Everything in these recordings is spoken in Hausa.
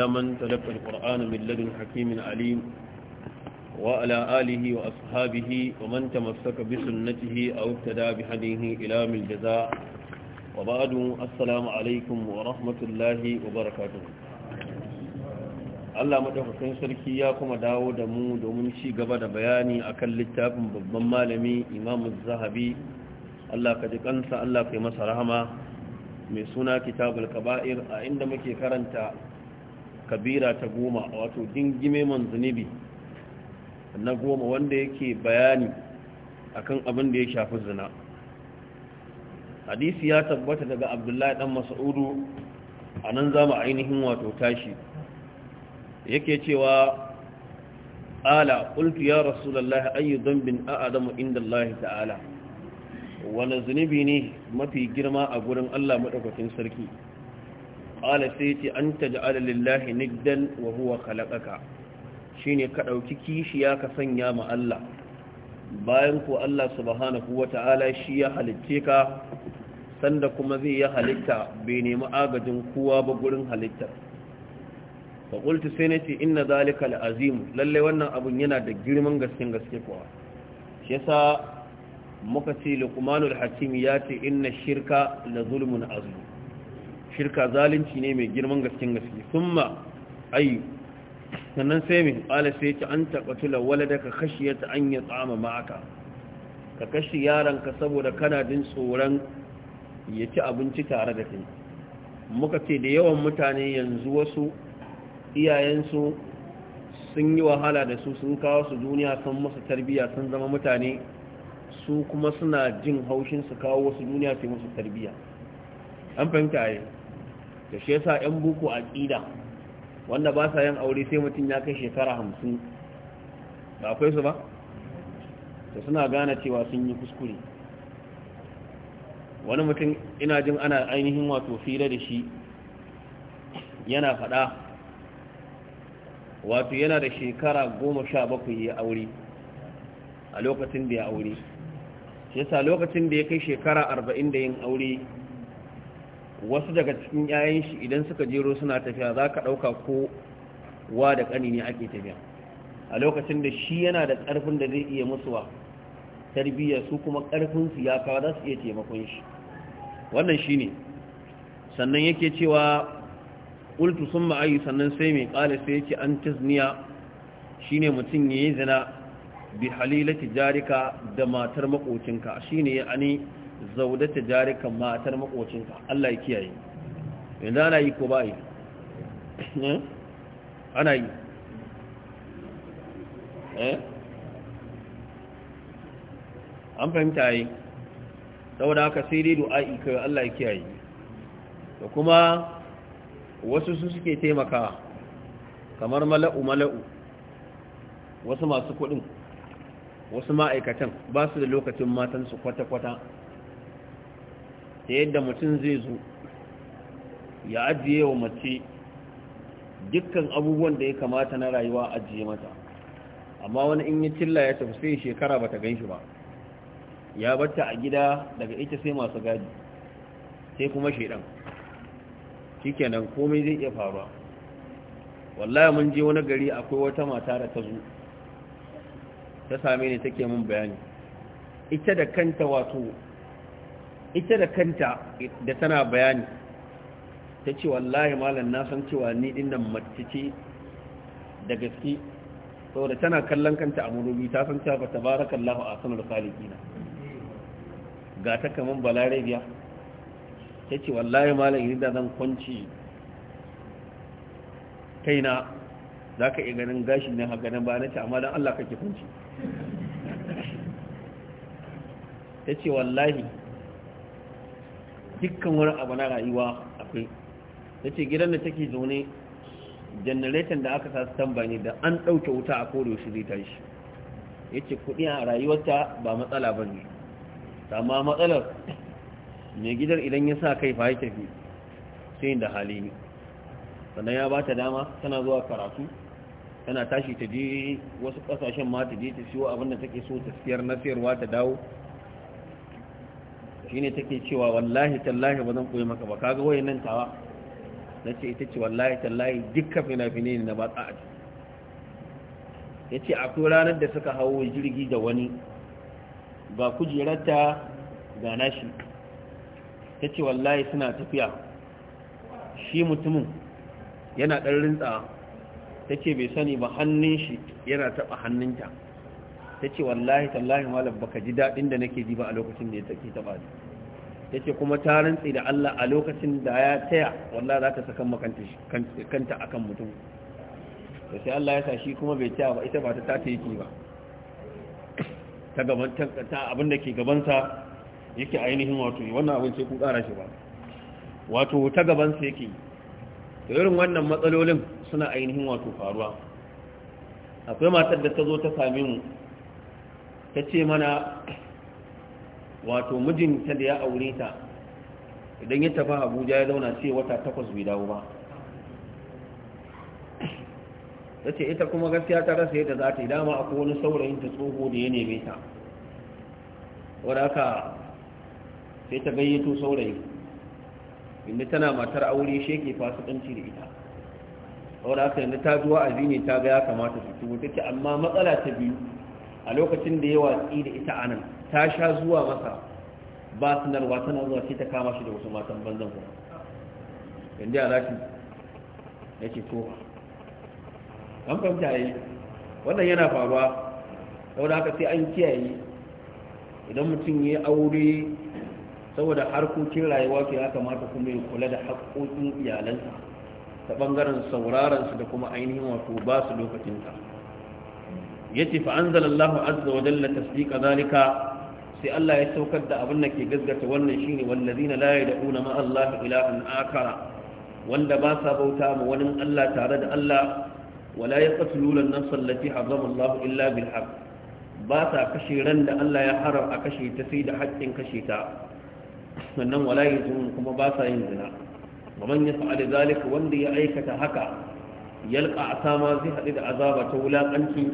لمن تلقى القرآن من لدن حكيم عليم وعلى آله وأصحابه ومن تمسك بسنته أو ابتدى بهديه إلى من الجزاء وبعد السلام عليكم ورحمة الله وبركاته Allah madaukakin sarki ya kuma dawo da mu domin ci gaba da bayani akan littafin babban malami Imam Az-Zahabi Allah ka ji kansa Allah yi masa rahama mai suna Kitabul Kaba'ir a inda muke karanta kabira ta goma wato dingime man zunubi na goma wanda yake bayani akan abin da ya shafi zina hadisi ya tabbata daga abdullahi dan mas'udu a nan za mu ainihin wato tashi yake cewa ala qultu ya rasulullahi ayyu dhanbin a'zamu inda Allah ta'ala wani zunubi ne mafi girma a gurin Allah madaukakin sarki qala sai ce an taj'ala lillahi niddan wa huwa khalaqaka shine ka dauki kishiya ka sanya ma Allah bayan ko Allah subhanahu wata'ala shi ya halicce ka sanda kuma zai ya halitta bai nemi agajin kowa ba gurin halittar faƙultu sai na ce ina zalika al'azim lallai wannan abun yana da girman gaskin gaske kuwa shi yasa muka ce lukumanul hakim ya ce ina shirka la zulmun azlu shirka zalunci ne mai girman gaskin gaske ma ayyu sannan sai mai ala sai ta an taɓatula wale da ka kashe ta an yi tsama ma'aka ka kashe yaranka saboda kana jin tsoron ya ci abinci tare da kai muka ce da yawan mutane yanzu wasu iyayensu sun yi wahala da su sun kawo su duniya sun masa tarbiyya sun zama mutane su kuma suna jin haushin su kawo wasu duniya sai masa tarbiyya an fahimta ayi. da shi yasa yan buku a ƙida wanda ba sa yin aure sai mutum ya kai shekara hamsin ba akwai su ba da suna gane cewa sun yi kuskure wani mutum ina jin ana ainihin wato fira da shi yana faɗa wato yana da shekara goma sha bakwai ya aure a lokacin da ya aure yasa lokacin da ya kai shekara arba'in da yin aure wasu daga cikin 'ya'yan shi idan suka jero suna tafiya za ka ɗauka ko wa da ƙani ne ake tafiya a lokacin da shi yana da ƙarfin da zai iya musuwa tarbiyya su kuma ƙarfinsu ya kawo za su iya taimakon shi wannan shi ne sannan yake cewa ultu sun ma'ayi sannan sai mai ƙala sai yake an tizniya shi ne mutum ya yi zina bi halilati jarika da matar maƙocinka shi ne ya ani zaudata jarikan matar makocinka Allah ya kiyaye yanzu ana yi ko ba yi eh? ana yi eh an fahimta yi saboda haka sai dai du'a'i kai Allah ya kiyaye da kuma wasu su suke taimakawa kamar mala'u mala'u wasu masu kudin wasu ma'aikatan ba su da lokacin matan su kwata-kwata ta yadda mutum zai zo ya ajiye wa mace dukkan abubuwan da ya kamata na rayuwa ajiye mata amma wani in yi cilla ya tafi sai shekara ta gan shi ba ya batta a gida daga ita sai masu gadi sai kuma shedan shikenan komai zai iya faruwa Wallaya mun je wani gari akwai wata mata da ta zo ta same ni take mun bayani ita da kanta wato ita da kanta da tana bayani ta ce wallahi malam na san cewa ni dinnan mace ce da gaske saboda tana kallon kanta a murubi ta san cewa tabarakallahu a sanar salikina ga ta kaman balarabiya ta ce wallahi malam idan da zan kwanci kaina za ka iya ganin gashi na haka ganin ba na ce amma don Allah kake kwanci ta ce wallahi dukkan wurin abu na rayuwa akwai Ya ce gidan da take zaune janareton da aka sasu ne da an ɗauke wuta a kore shi zai tashi ya ce kuɗi a rayuwarta ba matsala ba ne amma matsalar mai gidan idan ya sa kai fa ya tafi sai da hali ne sannan ya ba ta dama tana zuwa karatu tana tashi ta je wasu kasashen ma ta je ta siyo abin da take so ta siyar na siyarwa ta dawo ne take cewa wallahi tallahi ba zan koyi maka ba kaga nan tawa nace ita ce wallahi tallahi dukkan fina-fine ne na batsa a yace akwai ranar da suka hawo jirgi da wani ga kujerarta ga nashi yace wallahi suna tafiya shi mutumin yana ɗan rintsa ta ce bai sani ba hannun shi yana taɓa hannunta ta ce wallahi tallahi malam baka ji daɗin da nake ji ba a lokacin da ya take taɓa ni yake kuma ta rantsi da Allah a lokacin da ya taya wallahi za ta saka makanta kanta akan mutum da sai Allah ya sa shi kuma bai taya ba ita ba ta tata yake ba ta gaban ta abin da ke gabansa yake ainihin wato wannan abin sai ku kara shi ba wato ta gabansa yake da irin wannan matsalolin suna ainihin wato faruwa akwai matar da ta zo ta same mu ta ce mana wato mijinta da ya aure ta idan ya tafi abuja ya zauna ce wata takwas bai dawo ba ta ce ita kuma gaskiya ta rasa yadda za ta yi dama akwai wani saurayin ta tsoho da ya neme ta wadda aka sai ta gayyato saurayi inda tana matar aure sheke fasikanci da ita wadda aka yadda ta zuwa a zini ta ga ya kamata su tuwo ta ce amma matsala ta biyu a lokacin da ya watsi da ita anan ta sha zuwa masa ba sanarwa tana zuwa sai ta kama shi da wasu matan banzan kuma inda ya zafi ya ce to an fahimta ya yi wannan yana faruwa saboda haka sai an kiyaye idan mutum ya aure saboda harkokin rayuwa ke ya kamata kuma ya kula da haƙoƙin iyalansa ta ɓangaren saurarensu da kuma ainihin wato ba su lokacinsa ya ce fa'an zalallahu azza wa jalla tasdiqa zalika sai Allah ya saukar da abin da ke gaskata wannan shine wallazina la yad'una ma Allah ilahan akara wanda ba sa bauta ma wani Allah tare da Allah wala yaqtuluna an-nafs allati harrama Allah illa bil ba sa kashe ran da Allah ya haram a kashe ta sai da haƙƙin kashe ta sannan wala yazun kuma ba sa yin zina ومن يفعل ذلك وندي أيكة هكا sama zai haɗu da azaba ta قنشي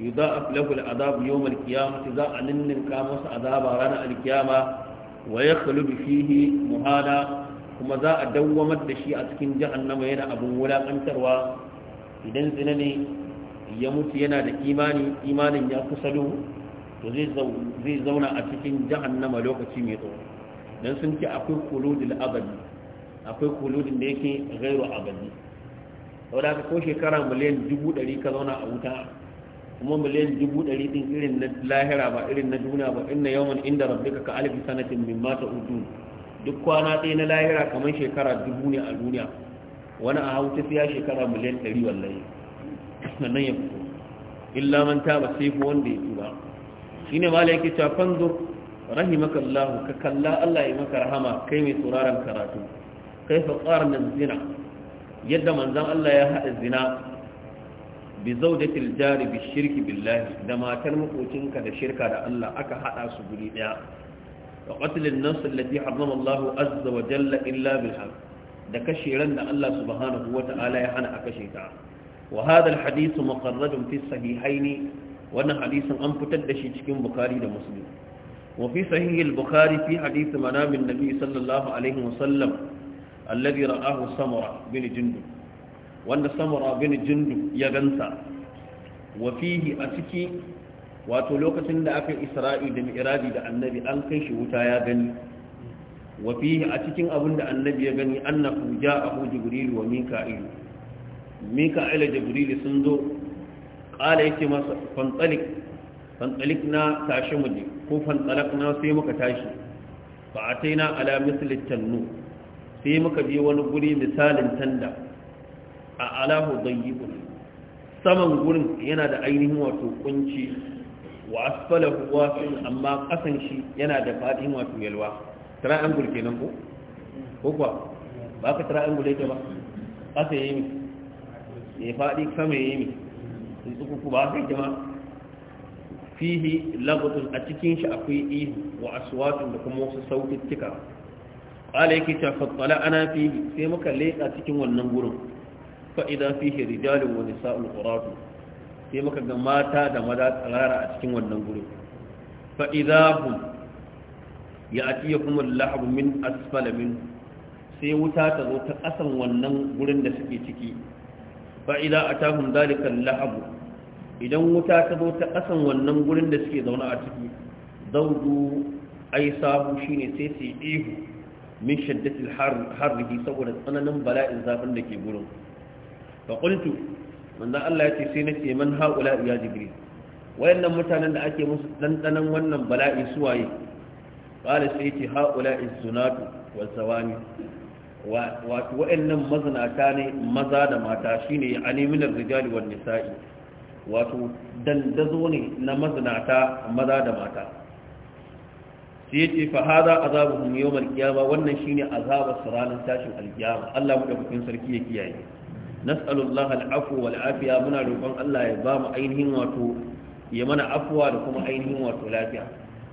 yudha'af lahu al'adab yawm al-qiyamah za a ninninka masa azaba ranar al-qiyama wa yakhlub fihi muhala kuma za a dawwamar da shi a cikin jahannama yana abun wulakantarwa idan zina ne ya mutu yana da imani imanin ya kusa duhu to zai zauna a cikin jahannama lokaci mai tsawo dan sun ce akwai kuludul abadi akwai kuludin da yake gairu abadi saboda ko shekara miliyan dubu ɗari ka zauna a wuta kuma miliyan dubu ɗari ɗin irin na lahira ba irin na duniya ba inna yawan inda rabbika ka alif sanatin min mata udu duk kwana ɗaya na lahira kamar shekara dubu ne a duniya wani a hauta fiya shekara miliyan ɗari wallahi nan ya fito illa man taba sai ko wanda ya tuba shine malai yake cewa fanzo? rahimaka Allah ka kalla Allah ya maka rahama kai mai sauraron karatu kai fa qarna zina yadda manzon Allah ya haɗa zina bi zaujatil bi shirki billahi da matar makocinka da shirka da Allah aka hada su guri daya da qatlin nafs allati harrama Allah azza wa jalla illa bil da kashe ran da Allah subhanahu wa ta'ala ya hana a kashe ta wa hadha al hadith fi sahihain wannan hadisin an fitar da shi cikin bukari da muslim wa fi sahih fi hadith manam nabi sallallahu alaihi wa sallam alladhi ra'ahu samura bin jundub wanda samura bin jindu ya gansa wa fihi a ciki wato lokacin da aka isra'i da mi'raji da annabi an kai shi wuta ya gani wa fihi a cikin abin da annabi ya gani annahu ja'ahu jibril wa mika'il mika'il da jibril sun zo qala yake masa fantalik fantalik na tashi mu je ko fantalak na sai muka tashi fa ataina ala misli tannu sai muka je wani guri misalin tanda a alahu dayyibun saman gurin yana da ainihin wato kunci wa asfalahu wasin amma kasan shi yana da fadin wato yalwa triangle kenan ko ko kuwa ba ka triangle yake ba kasa yayi mi ya fadi sama yayi mi in tsuku ba sai jama fihi lagutun a cikin shi akwai ihu wa aswatun da kuma wasu sautittika qala yake ta fattala ana fihi sai muka leka cikin wannan gurin fa'ida fihi rijalun wa sa'ul quratu sai muka ga mata da maza tsirara a cikin wannan gurin fa'idahum ya'tiyakum al-lahab min asfala min sai wuta ta zo ta kasan wannan gurin da suke ciki fa'ida atahum zalika dalikan lahab idan wuta ta zo ta kasan wannan gurin da suke zauna a ciki daudu shi shine sai su ihu min shaddatil harrihi saboda tsananin bala'in zafin da ke gurin fa qultu Allah ya ce sai nace man haula ya jibri wayannan mutanen da ake musu dandanan wannan bala'i suwaye qala sai ce haula izunatu wa zawani wato wayannan mazinata ne maza da mata shine ani min ar-rijali wan nisa'i wato dandazo ne na mazinata maza da mata sai ce fa hada azabuhum yawm al-qiyamah wannan shine azabar su ranar tashin al Allah mu da sarki ya kiyaye nas'alullaha al'afu wal afiya muna roƙon Allah ya ba mu ainihin wato ya mana afuwa da kuma ainihin wato lafiya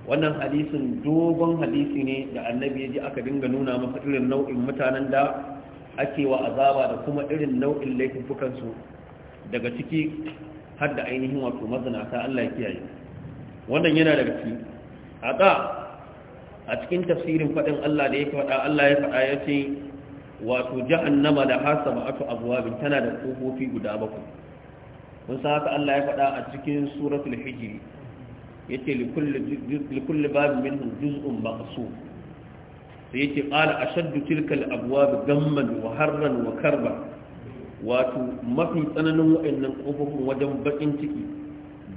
wannan hadisin dogon hadisi ne da annabi ya ji aka dinga nuna masa irin nau'in mutanen da ake wa azaba da kuma irin nau'in laifukan su daga ciki har da ainihin wato mazinata Allah ya kiyaye wannan yana daga ciki a a cikin tafsirin faɗin Allah da ya faɗa Allah ya faɗa ya ce wato nama da hasaba atu abwabin tana da kofofi guda bakwai kun san haka Allah ya faɗa a cikin suratul hijri yake li kulli babin minhum juz'un maqsum sai yake qala ashaddu tilka al abwab gamman wa harran wa karba wato mafi tsananin wa'annan kofofin wajen bakin ciki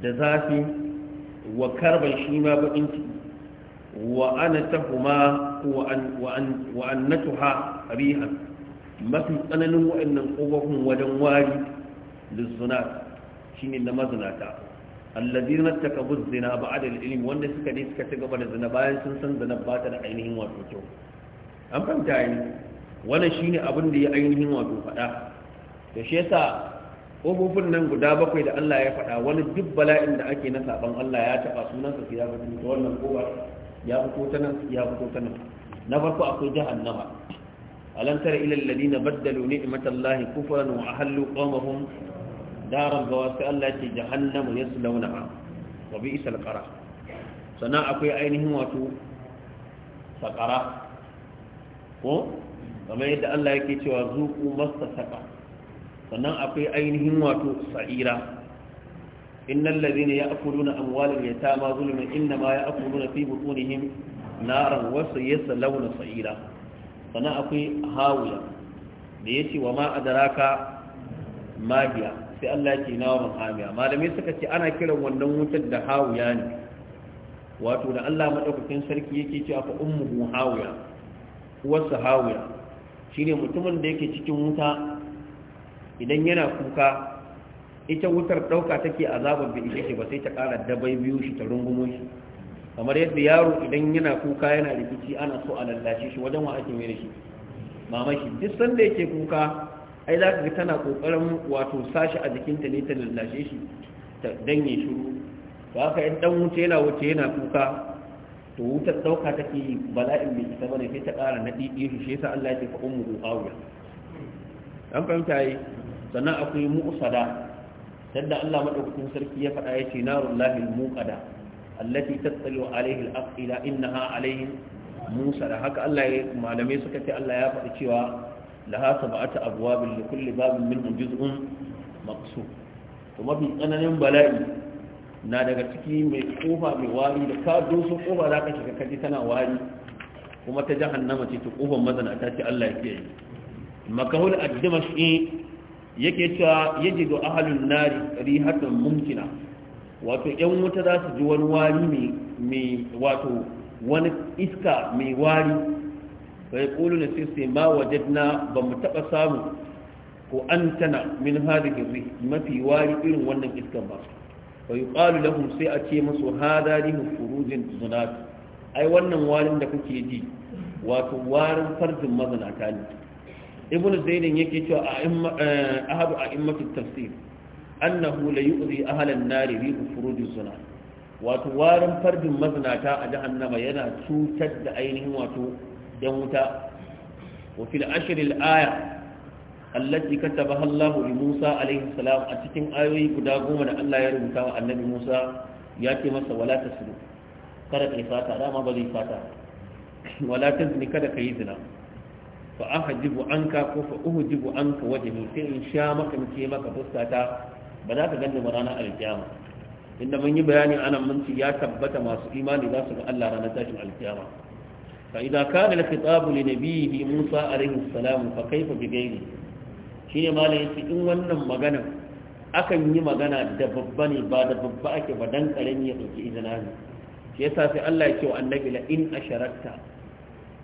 da zafi wa karban shi ma bakin ciki wa'anatahuma wa'annatuha rihan mafi tsananin wa'annan ƙofofin wajen wari lissunat shine na mazinata allazina takabu zina ba'da al-ilm wanda suka ne suka ci gaba da zina bayan sun san zina ba ta da ainihin wato kyau an fahimta yi wannan shine abin da ya ainihin wato faɗa da shi yasa ƙofofin nan guda bakwai da Allah ya faɗa wani duk bala'in da ake na saban Allah ya taɓa sunansa sai ya fito wannan ƙofar ya fito ta nan ya fito ta nan na farko akwai jahannama alam tara ila alladhina baddalu ni'matallahi kufran wa ahallu qawmahum daral bawa sai Allah ya ce jahannama yaslawnaha wa bi'sal qarar sannan akwai ainihin wato saqara ko kamar yadda Allah yake cewa zuqu masta saqa sannan akwai ainihin wato sa'ira إن الذين يأكلون أموال اليتامى ظلما إنما يأكلون في بطونهم نارا وسيصلون صعيرا فأنا أقول هاوية ليتي وما أدراك ماجيا sai Allah ke nawarin hamiya malamai suka ce ana kiran wannan wutar da hawiya ne wato da Allah maɗaukakin sarki yake ce a ummuhu hawiya uwarsa hawiya shine mutumin da yake cikin wuta idan yana kuka ita wutar ɗauka take azabar da ita ce ba sai ta ƙara dabai biyu shi ta rungumo shi kamar yadda yaro idan yana kuka yana rikici ana so a lallace shi wajen wa ake mere shi mama duk sanda yake kuka ai za ka ga tana kokarin wato sashi a jikinta ne ta lallace shi ta danye shiru to haka in dan wuce yana wuce yana kuka to wutar ɗauka take bala'in bai ita bane sai ta ƙara naɗi ɗiɗi shi shi yasa Allah ya ce fa ummu qawiya an fahimta yi sannan akwai mu'sada tunda Allah madaukakin sarki ya faɗa yace narul lahil muqada allati tattalu alaihi al-afila innaha alaihim musa da haka Allah ya malamai suka ce Allah ya faɗi cewa laha sab'atu abwabin li kulli babin minhum juz'un maqsum to mafi tsananin bala'i na daga ciki mai kofa mai wari da ka doso kofa za ka shiga kaji tana wari kuma ta jahannama ce ta kofar mazana ta ce Allah ya kiyaye makahul ad-dimashqi yake cewa da ahalun nari rihatan mumkina wato yan wuta za su ji wani wari mai wato wani iska mai wari bai kulu na sai ma na ba mu taɓa samu ko an tana min hada gizi mafi wari irin wannan iskan ba bai da lahum sai a ce masu hada rihu furujin zunatu ai wannan warin da kuke ji wato warin farjin mazanata ne ibn zainab yake cewa eh, ahadu a immatu tafsir annahu la yu'zi ahlan nari bi furuji suna wato warin fardin mazinata a jahannama yana cutar da ainihin wato yan wuta wa fil ashr al aya allati katabaha Allah li Musa alayhi salam a cikin ayoyi guda goma da Allah ya rubuta wa annabi Musa ya ce masa wala tasdu kada kai fata dama ba zai fata wala tazni kada kai zina fa ahjibu anka ko fa uhjibu anka wajhi sai in sha maka mace maka fuskata ba za ka ganni ba ranar alkiyama inda mun yi bayani anan mun ci ya tabbata masu imani za su ga Allah ranar tashin alkiyama fa idza kana al-khitab li Musa alaihi salam fa kaifa bi ghairi shine malai yace in wannan magana akan yi magana da babba ne ba da babba ake ba dan karami ya dauki izina ne shi yasa sai Allah ya ce wa annabi la in asharakta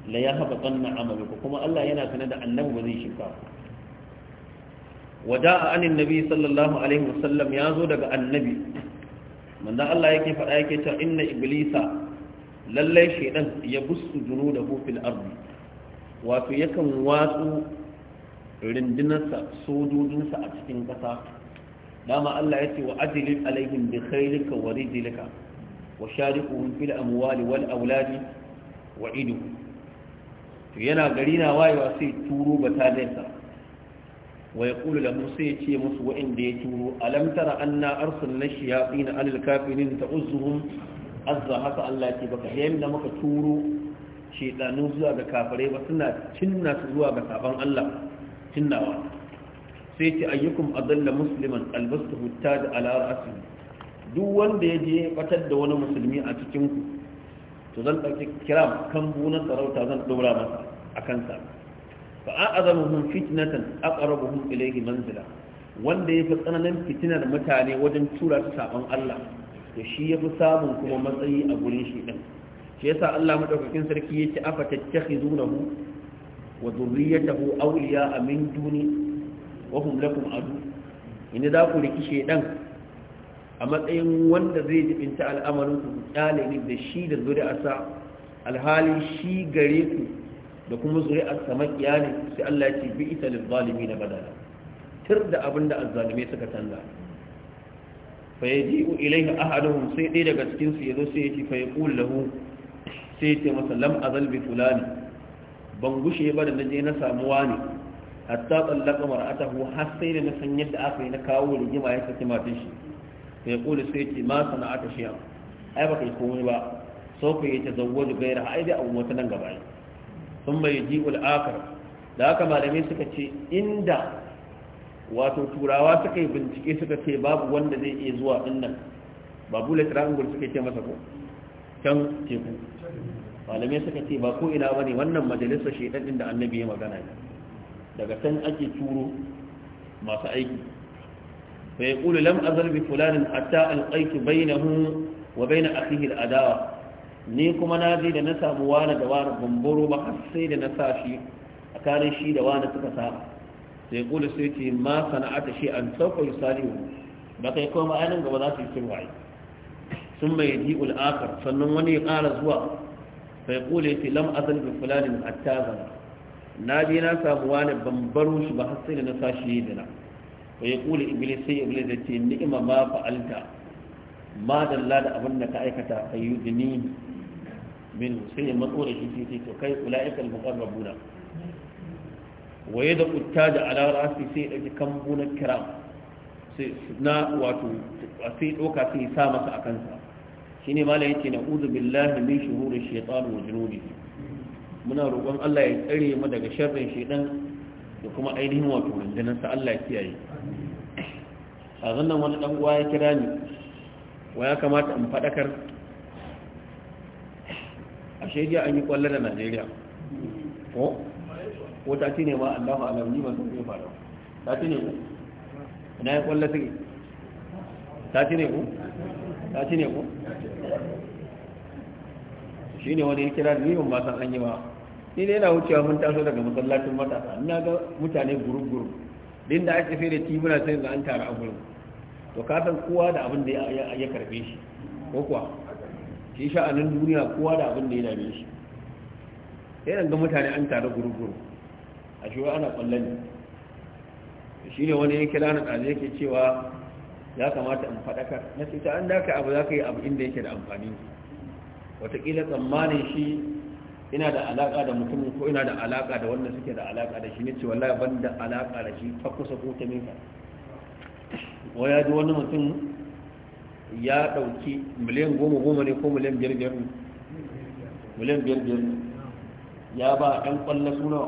la ya haɓa tsanna amaluku kuma Allah yana sana da annabi ba zai shirka wada a anin nabi sallallahu alaihi wasallam ya zo daga annabi manzo Allah yake faɗa yake ta inna iblisa lallai shaidan ya busu da fil ardi wato yakan watsu rindinarsa sojojinsa a cikin ƙasa dama Allah ya ce wa ajilin alaihim bi khairika wa rijlika wa shariquhum fil amwali wal auladi wa ido. to yana gari na wayewa sai turo batalinsa wa ya kulu da musu ya ce musu waɗanda ya turo alamtara an na arsun na shiyafi na alil ta uzuhun azza haka allah ce baka yayin da muka turo shaidanu zuwa ga kafirai ba suna cinna su zuwa ga sabon allah cinnawa sai ce ayyukum adalla musliman albastu hutta da ala ra'asi duk wanda ya je batar da wani musulmi a cikin ku to zan ɗauki kiram kambu na sarauta zan ɗora masa a kansa fa a'azamuhum fitnatan aqrabuhum ilayhi manzila wanda yafi tsananin fitinar mutane wajen tura su saban Allah to shi yafi samun kuma matsayi a gurin shi din shi sa Allah madaukakin sarki yace afa tattakhizunahu wa dhurriyyatahu a min duni wa hum lakum adu inda za ku riki ɗan. a matsayin wanda zai jibinta al'amarin ku kyalini da shi da zuri'arsa alhali shi gare ku da kuma zuri'arsa makiya ne sai Allah ce bi ita lizalimi na badala tir da abin da azzalume suka canza fa yaji'u ilayhi ahaduhum sai dai daga cikin su yazo sai yace fa yaqul lahu sai yace masa lam azal bi fulani ban gushe ba da naje na samuwa ne hatta tsallaka mar'atahu har sai da na san yadda aka yi na kawo rigima ya saki matan shi fa yaqulu sai ce ma sana'ata shi'a ai baka yi komai ba sau ka yi tazawwaju gaira ai dai abu wata nan gaba sun bai ji ul'akar da haka malamai suka ce inda wato turawa suka yi bincike suka ce babu wanda zai iya zuwa nan ba bule triangle suka ce masa ko can teku malamai suka ce ba ko ina bane wannan majalisar shi din da annabi ya magana ne daga can ake turo masu aiki fa yaqulu lam azal bi fulanin hatta alqaitu bainahu wa bain akhihi aladawa ni kuma na je da na samu wani da wani bambaro ba har sai da na sa shi a karin shi da wani suka sa sai kula sai ce ma sana'ata shi an sauka yi salihu ba kai kuma ma'anin gaba za su yi sulwaye sun mai ji ul'akar sannan wani ya ƙara zuwa sai kula ce lam azal bi fulanin hatta zana na je na samu wani bambaro shi ba har sai da na sa shi da na fa kula iblis sai iblis yace ni'ma ma fa'alta ma dalla da abin da ka aikata ayyudni min sai man ore shi sai to kai ulaika al-muqarrabuna wa yada uttaja ala rasi sai yake kambuna kiram sai na wato sai doka sai sa masa a kansa shine muna roƙon Allah ya tsare mu daga sharrin shaitan da kuma ainihin wato rundunar Allah ya kiyaye a zannan wani ɗan uwa ya kira ni wa ya kamata in faɗakar a shaidiya an yi kwallo da najeriya ko ko ta ce ne ma allahu alam ni ba sun zai faru ta ce ne ku ina ya ƙwallo take ta ce ne ku ta ce ne ku shi ne wani ya kira ni ban ba san an yi ba ni ne yana wucewa mun taso daga masallacin matasa ina ga mutane gurub din da ake sai da timuna sai ga an tare a gurin to ka san kowa da abin da ya karbe shi ko kuwa shi sha'anin duniya kowa da abin da ya dame shi sai ga mutane an tare guruguru a shi ana kwallon ne shi ne wani ya kira na ɗazi yake cewa ya kamata in faɗakar na cuta ta an daka abu za ka yi abu inda yake da amfani watakila tsammanin shi ina da alaka da mutumin ko ina da alaka da wanda suke da alaka da shi ne cewa wallahi ban da alaka da shi ta kusa ko ta minka waya ji wani mutum ya dauki miliyan goma goma ne ko miliyan biyar biyar miliyan biyar biyar ya ba ɗan ƙwallon suna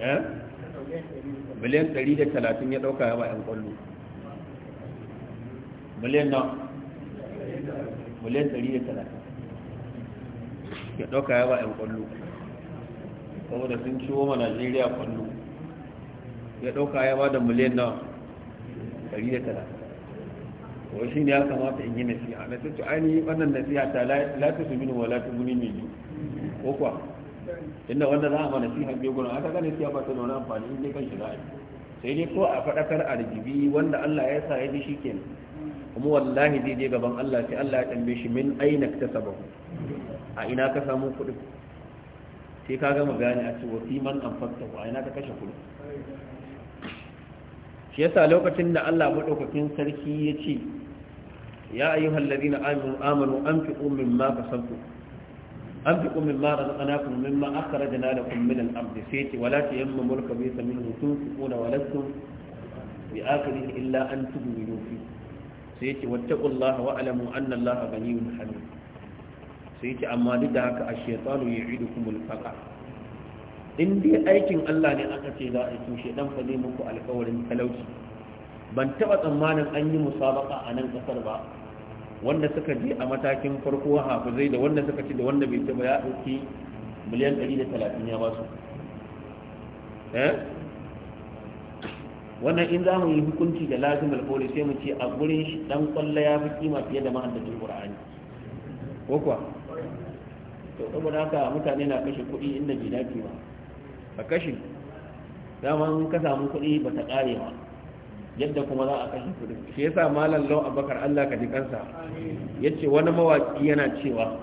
eh? miliyan ɗari da talatin ya ɗauka ya ba ɗan kwallo. miliyan na miliyan ɗari da talatin ya ɗauka ya ba 'yan saboda sun ciwo ma najeriya kwallo ya ɗauka ya ba da miliyan na 100 wai shi ne ya kamata in yi nasiha na to ainihin wannan nasiha ta lati su wa lati muni mai ko kuwa inda wanda za a ma nasiha biyu gudun aka ga nasiha ba ta da wani amfani in kan shi za sai dai ko a faɗakar a rigibi wanda allah ya sa ya bi shi kenan kuma wallahi zai je gaban allah sai allah ya tambaye shi min aina ta sababu a ina ka samu kuɗin sai ka gama gane a ce wasi man amfakta a ina ka kashe kuɗin shi yasa lokacin da Allah maɗaukakin sarki ya ce ya ayyuhal ladina amanu anfiqu mimma kasabtum أنفقوا مما رزقناكم مما أخرجنا لكم من الأرض سيت ولا تيمموا الخبيث منه تنفقون ولستم بآخره إلا أن تؤمنوا فيه سيت واتقوا الله واعلموا laha gani غني حميد sai ce amma duk da haka a shaitanu ya idu kumul faka in dai aikin Allah ne aka ce za a yi dan fa zai muku alkawarin talauci ban taɓa tsammanin an yi musabaka a nan ƙasar ba wanda suka je a matakin farko hafizai da wanda suka ci da wanda bai taɓa ya ɗauki miliyan 130 ya ba su eh? wannan in za mu yi hukunci da lazim alkawari sai mu ce a gurin shi dan kwallo ya fi kima fiye da mahaddacin qur'ani ko kuwa to saboda haka mutane na kashe kuɗi inda bai dace ba a kashe dama in ka samu kuɗi ba ta ƙare ba yadda kuma za a kashe kuɗi shi yasa malam lau abakar allah ka ji kansa ya ce wani mawaƙi yana cewa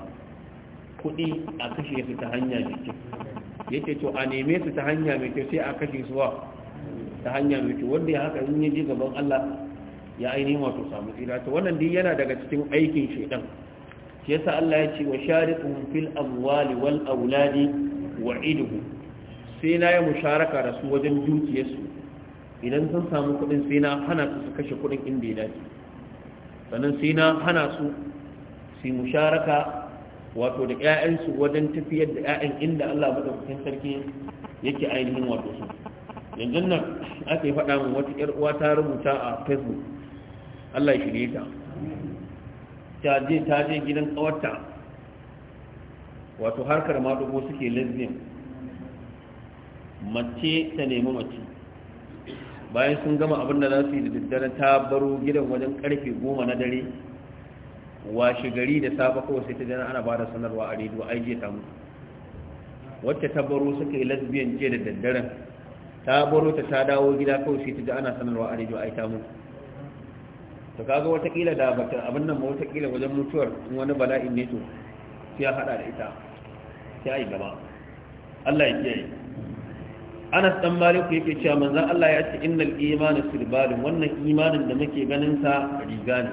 kuɗi a kashe su ta hanya mai kyau ya ce to a neme su ta hanya mai kyau sai a kashe su wa ta hanya mai kyau wanda ya haka in ya je gaban allah ya ainihin wato samu tsira to wannan dai yana daga cikin aikin shaidan shi yasa Allah ya ce wa shariquhum fil amwali wal auladi wa idhu sai na yi musharaka da su wajen dukiyarsu idan sun samu kuɗin sai na hana su su kashe kuɗin inda ya dace sannan sai na hana su su musharaka wato da 'ya'yansu wajen tafiyar da 'ya'yan inda Allah madaukakin sarki yake ainihin wato su yanzu nan ake faɗa min wata 'yar uwa ta rubuta a facebook Allah ya shirye ta ta je ta je gidan kawarta wato harkar maɗubo suke lesbian mace ta nemi mace bayan sun gama abin da za su yi da daddare ta baro gidan wajen karfe goma na dare washe gari da safe kawai sai ta jana ana ba da sanarwa a rediyo ai je ta mutu wacce ta baro suka yi lesbian je da daddaren ta baro ta ta dawo gida kawai sai ta ji ana sanarwa a rediyo ai ta mutu to kaga watakila da bata abin nan watakila wajen mutuwar wani bala'in ne to sai ya hada da ita ya yi gaba Allah ya kiyaye Anas dan Malik yake cewa manzon Allah ya ce innal imanu silbalun wannan imanin da muke ganin sa riga ne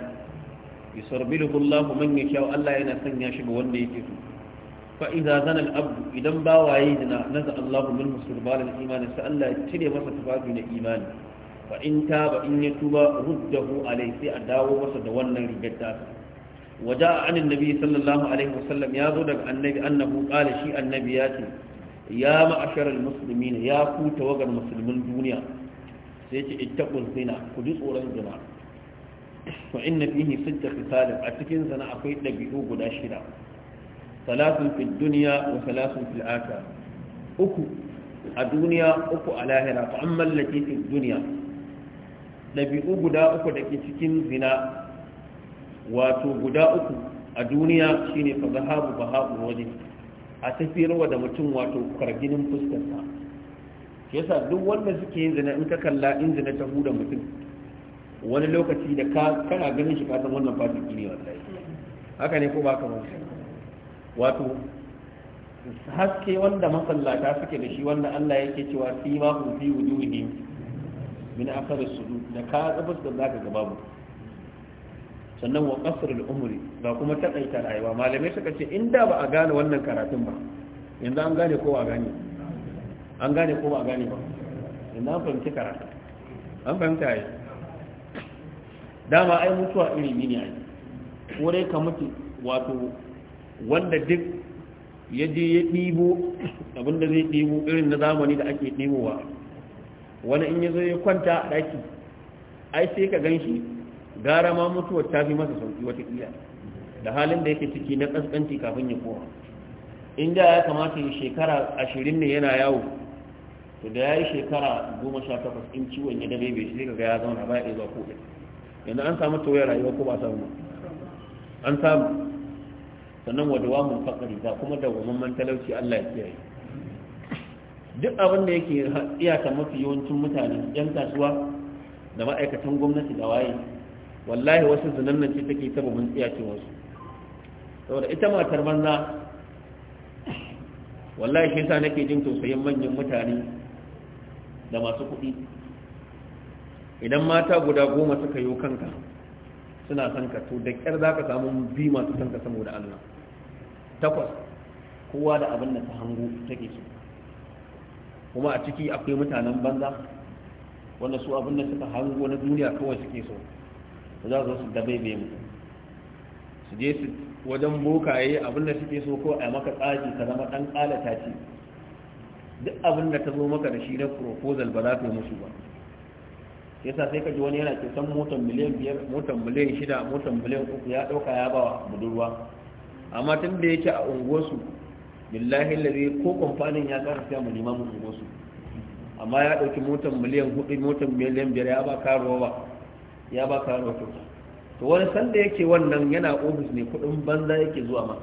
yusarbiluhu Allah man yashaa Allah yana sanya shi ga wanda yake so fa idza zana al-abd idan bawaye na naza Allah min musulbalin imani sai Allah ya cire masa tufafi na imani fa in taba in ya tuba ruddahu alai sai a dawo masa da wannan rigar ta waja anin nabi sallallahu alaihi wasallam ya zo daga annabi annahu qala shi annabi ya ce ya ma'asharal muslimin ya ku tawagar musulmin duniya sai ce ittaqul zina ku ji tsoron zina fa inna fihi sitta khisal a cikin zina akwai dabi'u guda shida salatun fid dunya wa salatun fil akhirah uku a duniya uku a lahira fa amma allati fid dunya ɗabi'u guda uku da ke cikin zina wato guda uku a duniya shine fa zahabu bahabu waje a tafiyarwa da mutum wato karginin fuskarsa yasa duk wanda suke yin zina in ka kalla in zina ta huda mutum wani lokaci da ka kana ganin shi kasan wannan fasiki ne wallahi haka ne ko ba ka wani wato haske wanda masallata suke da shi wanda Allah yake cewa fi ma hu fi wujuhihim min akar sudu da ka gabas da zaka ga babu sannan wa qasr al umri ba kuma takaita rayuwa malamai suka ce in da ba a gane wannan karatun ba yanzu an gane ko ba gane an gane ko ba gane ba yanzu an fahimci karatu an fahimta yi dama ai mutuwa iri mini ai ko dai ka mutu wato wanda duk ya je ya ɗibo abinda zai ɗibo irin na zamani da ake ɗibowa wani in ya zo ya kwanta a ɗaki ai sai ka gan shi gara ma mutuwar ta fi masa sauki iya. da halin da yake ciki na ƙasƙanci kafin ya koma in da ya kamata yi shekara ashirin ne yana yawo to da ya yi shekara goma sha takwas in ciwon ya dabe bai shi sai ga ya zauna ba ya zuwa ko yanzu an samu tauyar rayuwa ko ba samu an samu sannan wadawa mun fakari ba kuma da mamman talauci Allah ya kiyaye duk abin da yake iyaka mafi yawancin mutane yan kasuwa da ma'aikatan gwamnati da waye wallahi wasu zinannan ce take sababin wasu. saboda ita matar banza wallahi shi yasa nake jin tausayin manyan mutane da masu kuɗi idan mata guda goma suka yi kanka suna son ka to da kyar za ka samu bi masu kanka, ka saboda Allah takwas kowa da abin da ta hango take so kuma a ciki akwai mutanen banza wanda su abin da suka hango na duniya kawai suke so za su da baibaye mu su je su wajen bokaye abin da suke so ko a maka tsaji ka zama dan kalata ce duk abin da ta zo maka da shi na proposal ba za ka yi musu ba yasa sai ka ji wani yana kyautan motan miliyan biyar motan miliyan shida motan miliyan uku ya ɗauka ya ba budurwa amma tun da yake a unguwarsu billahi lalle ko kamfanin ya kara siya mu limamin su amma ya ɗauki motar miliyan hudu motar miliyan biyar ya ba karuwa ba ya ba karuwa kyauta to wani sanda yake wannan yana ofis ne kudin banza yake zuwa ma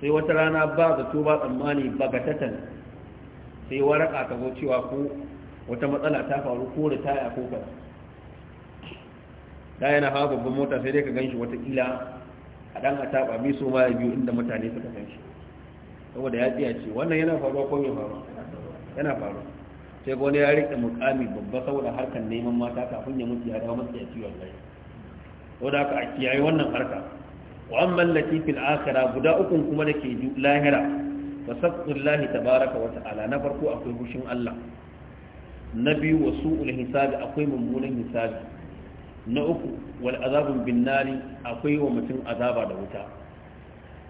sai wata rana ba zato ba tsammani ba ga tatan sai waraka ta zo cewa ko wata matsala ta faru ko da taya ko kaza da yana hawa babban mota sai dai ka ganshi wata kila a dan a taba mai so ma biyu inda mutane suka ganshi saboda ya tsiya ce wannan yana faruwa ko mai faruwa yana faruwa sai wani ya rike mukami babba saboda harkar neman mata kafin ya mutu ya dawo masa ya ciwon rai Ko da a kiyaye wannan harka wa an mallaki akhira guda ukun kuma da ke lahira fa sabbillahi tabaraka wa ta'ala na farko akwai hushin Allah na biyu wa su'ul hisabi akwai mummunan hisabi na uku wal azabun binnari akwai wa mutum azaba da wuta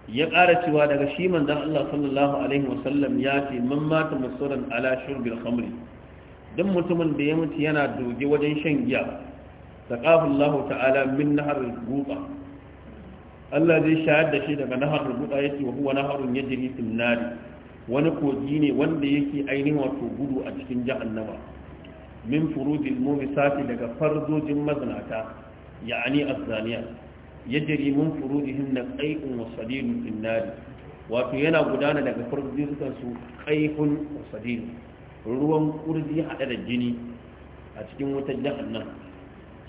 ya ƙara cewa daga shi manzan Allah sallallahu alaihi wasallam ya ce man mata musuran ala shurbil khamri Don mutumin da ya mutu yana doge wajen shan giya taqahu Allah ta'ala min nahar al Allah zai shayar da shi daga nahar al-ghuqa yake wa huwa naharun ya fil nar wani kogi ne wanda yake ainihin wato gudu a cikin jahannama min furudil mumisati daga farzojin mazinata ya'ani azzaniya yajri min furujihim na qay'un wa sadidun fin nar wato yana gudana daga furujin su qay'un wa ruwan kurji hada da jini a cikin wutar jahannam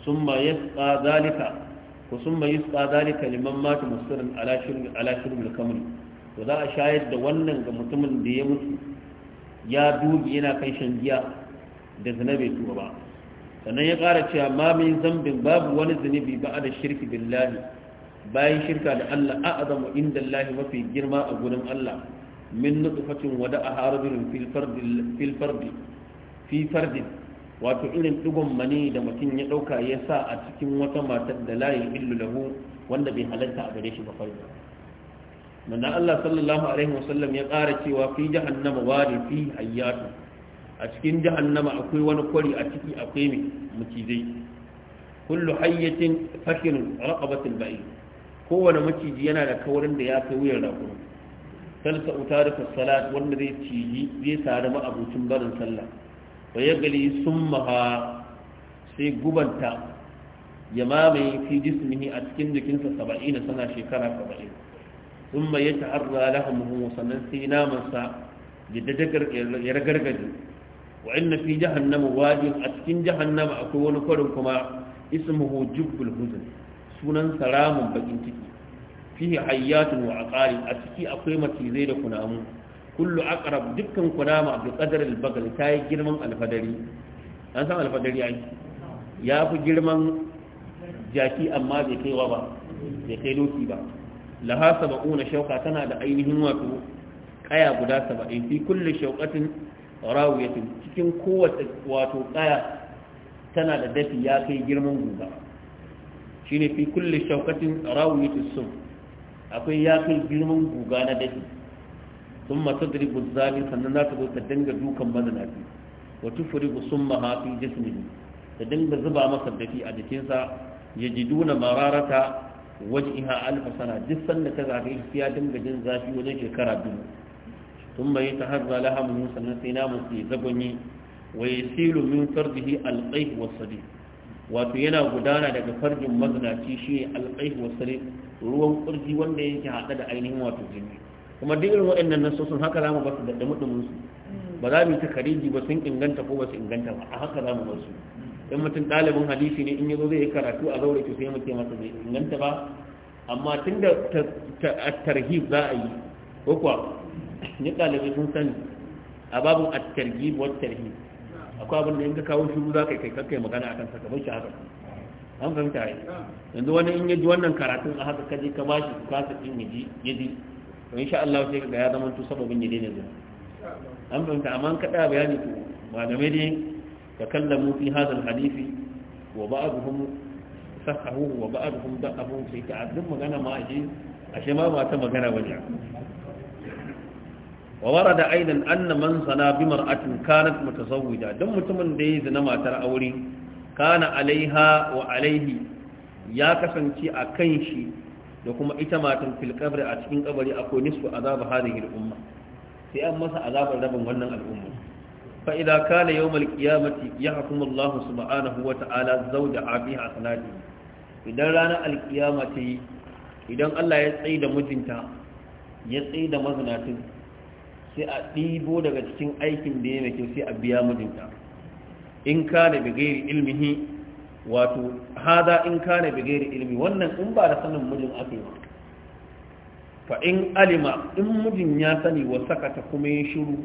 summa yasqa zalika ko summa yasqa zalika liman mata musirin ala shirb ala shirb al to za a shayar da wannan ga mutumin da ya mutu ya dubi yana kan shan giya da zina bai ba sannan ya ƙara cewa ma min zambin babu wani zunubi ba da shirki billahi bayan shirka da Allah a azamu inda Allah mafi girma a gurin Allah min nutfatin wada a harbin fil fardi fi fardi wato irin digon mani da mutum ya dauka ya sa a cikin wata matar da layi illu lahu wanda bai halatta a gare shi ba farda manna Allah sallallahu alaihi wasallam ya ƙara cewa fi jahannama wari fi hayyatu a cikin jahannama akwai wani kwari a ciki akwai mai macizai kullu hayyatin fashin raqabatul ba'i kowane maciji yana da kaurin da ya kai wuyan rakuru talsa da salat wanda zai ciji zai sare ma barin sallah wa sun summaha sai gubanta ya mamaye fi jismihi a cikin jikinsa 70 sana shekara 70 thumma yata'arra lahum sannan sai namansa ya dagar ya wa inna fi jahannama wadin a cikin jahannama akwai wani kwarin kuma ismuhu jubbul huzn sunan salamun bakin ciki fihi hayyatun wa aqari a ciki akwai macizai da kunamu kullu aqrab dukkan kunama bi qadar al ta yi girman alfadari an san alfadari ai ya fi girman jaki amma bai kaiwa ba bai kai doki ba laha saba'una shauka tana da ainihin wato kaya guda saba'in fi kulli shauqatin rawiyatu cikin kowace wato tsaya tana da dafi ya kai girman guga shine fi kulli shaukatin rawiyatu sun akwai ya kai girman guga na dafi sun masu ribu zabi sannan za ta zo ta dinga dukan mazanafi wata ribu sun mahafi jismini ta dinga zuba masa dafi a jikinsa ya ji duna mararata wajen iha alfa duk sanda ta zafi ya dinga jin zafi wajen shekara biyu sun bai ta hazza laha mun sannan sai naman sai zagonyi wa yasilu min fardihi alqayh wa sadiq wato yana gudana daga farjin mazinaci shi ne alƙaihu wa ruwan ƙurji wanda yake haɗa da ainihin wato jini kuma duk irin waɗannan nasosin haka za mu ba da ɗumuɗumin su ba za mu yi takariji ba sun inganta ko ba su inganta ba a haka za mu ba su in mutum ɗalibin hadisi ne in ya zo zai yi karatu a zaure to sai mu ce masa bai inganta ba amma tun da tarhib za a yi ko kuwa ni ɗalibai sun sani a babin at-targhib wa tarhib akwai abin da in ka kawo shiru za ka kai kakkai magana akan sa gaban shi haka an fahimta ai yanzu wani in ya ji wannan karatun a haka kaje ka bashi kasa ɗin ya ji ya ji to insha Allah sai ka ya zama to sababin ya daina zuwa an ta amma an kada bayani to malamai dai kallamu fi hadha al-hadisi wa ba'dhum sahahu wa ba'dhum da'ahu sai ta addin magana ma aje ashe ma ba ta magana bane wa warada aidan anna man sana bi mar'atin kanat mutazawwija duk mutumin da ya zina matar aure kana alaiha wa alaihi ya kasance a kan shi da kuma ita matan fil qabri a cikin kabari akwai nisfu azab hadhihi al umma sai an masa azabar rabin wannan al'umma فإذا كان يوم القيامة يحكم الله سبحانه وتعالى زوج عبيه حسناته idan ranar alkiyama ta idan Allah ya tsaye da mijinta ya tsaye da mazinatin sai a ɗibo daga cikin aikin da ya mai kyau sai a biya mijinta in ka da bigayar ilmihi wato hada in ka da bigayar ilmi wannan in ba da sanin mijin ake ba fa in alima in mijin ya sani wa sakata kuma ya shiru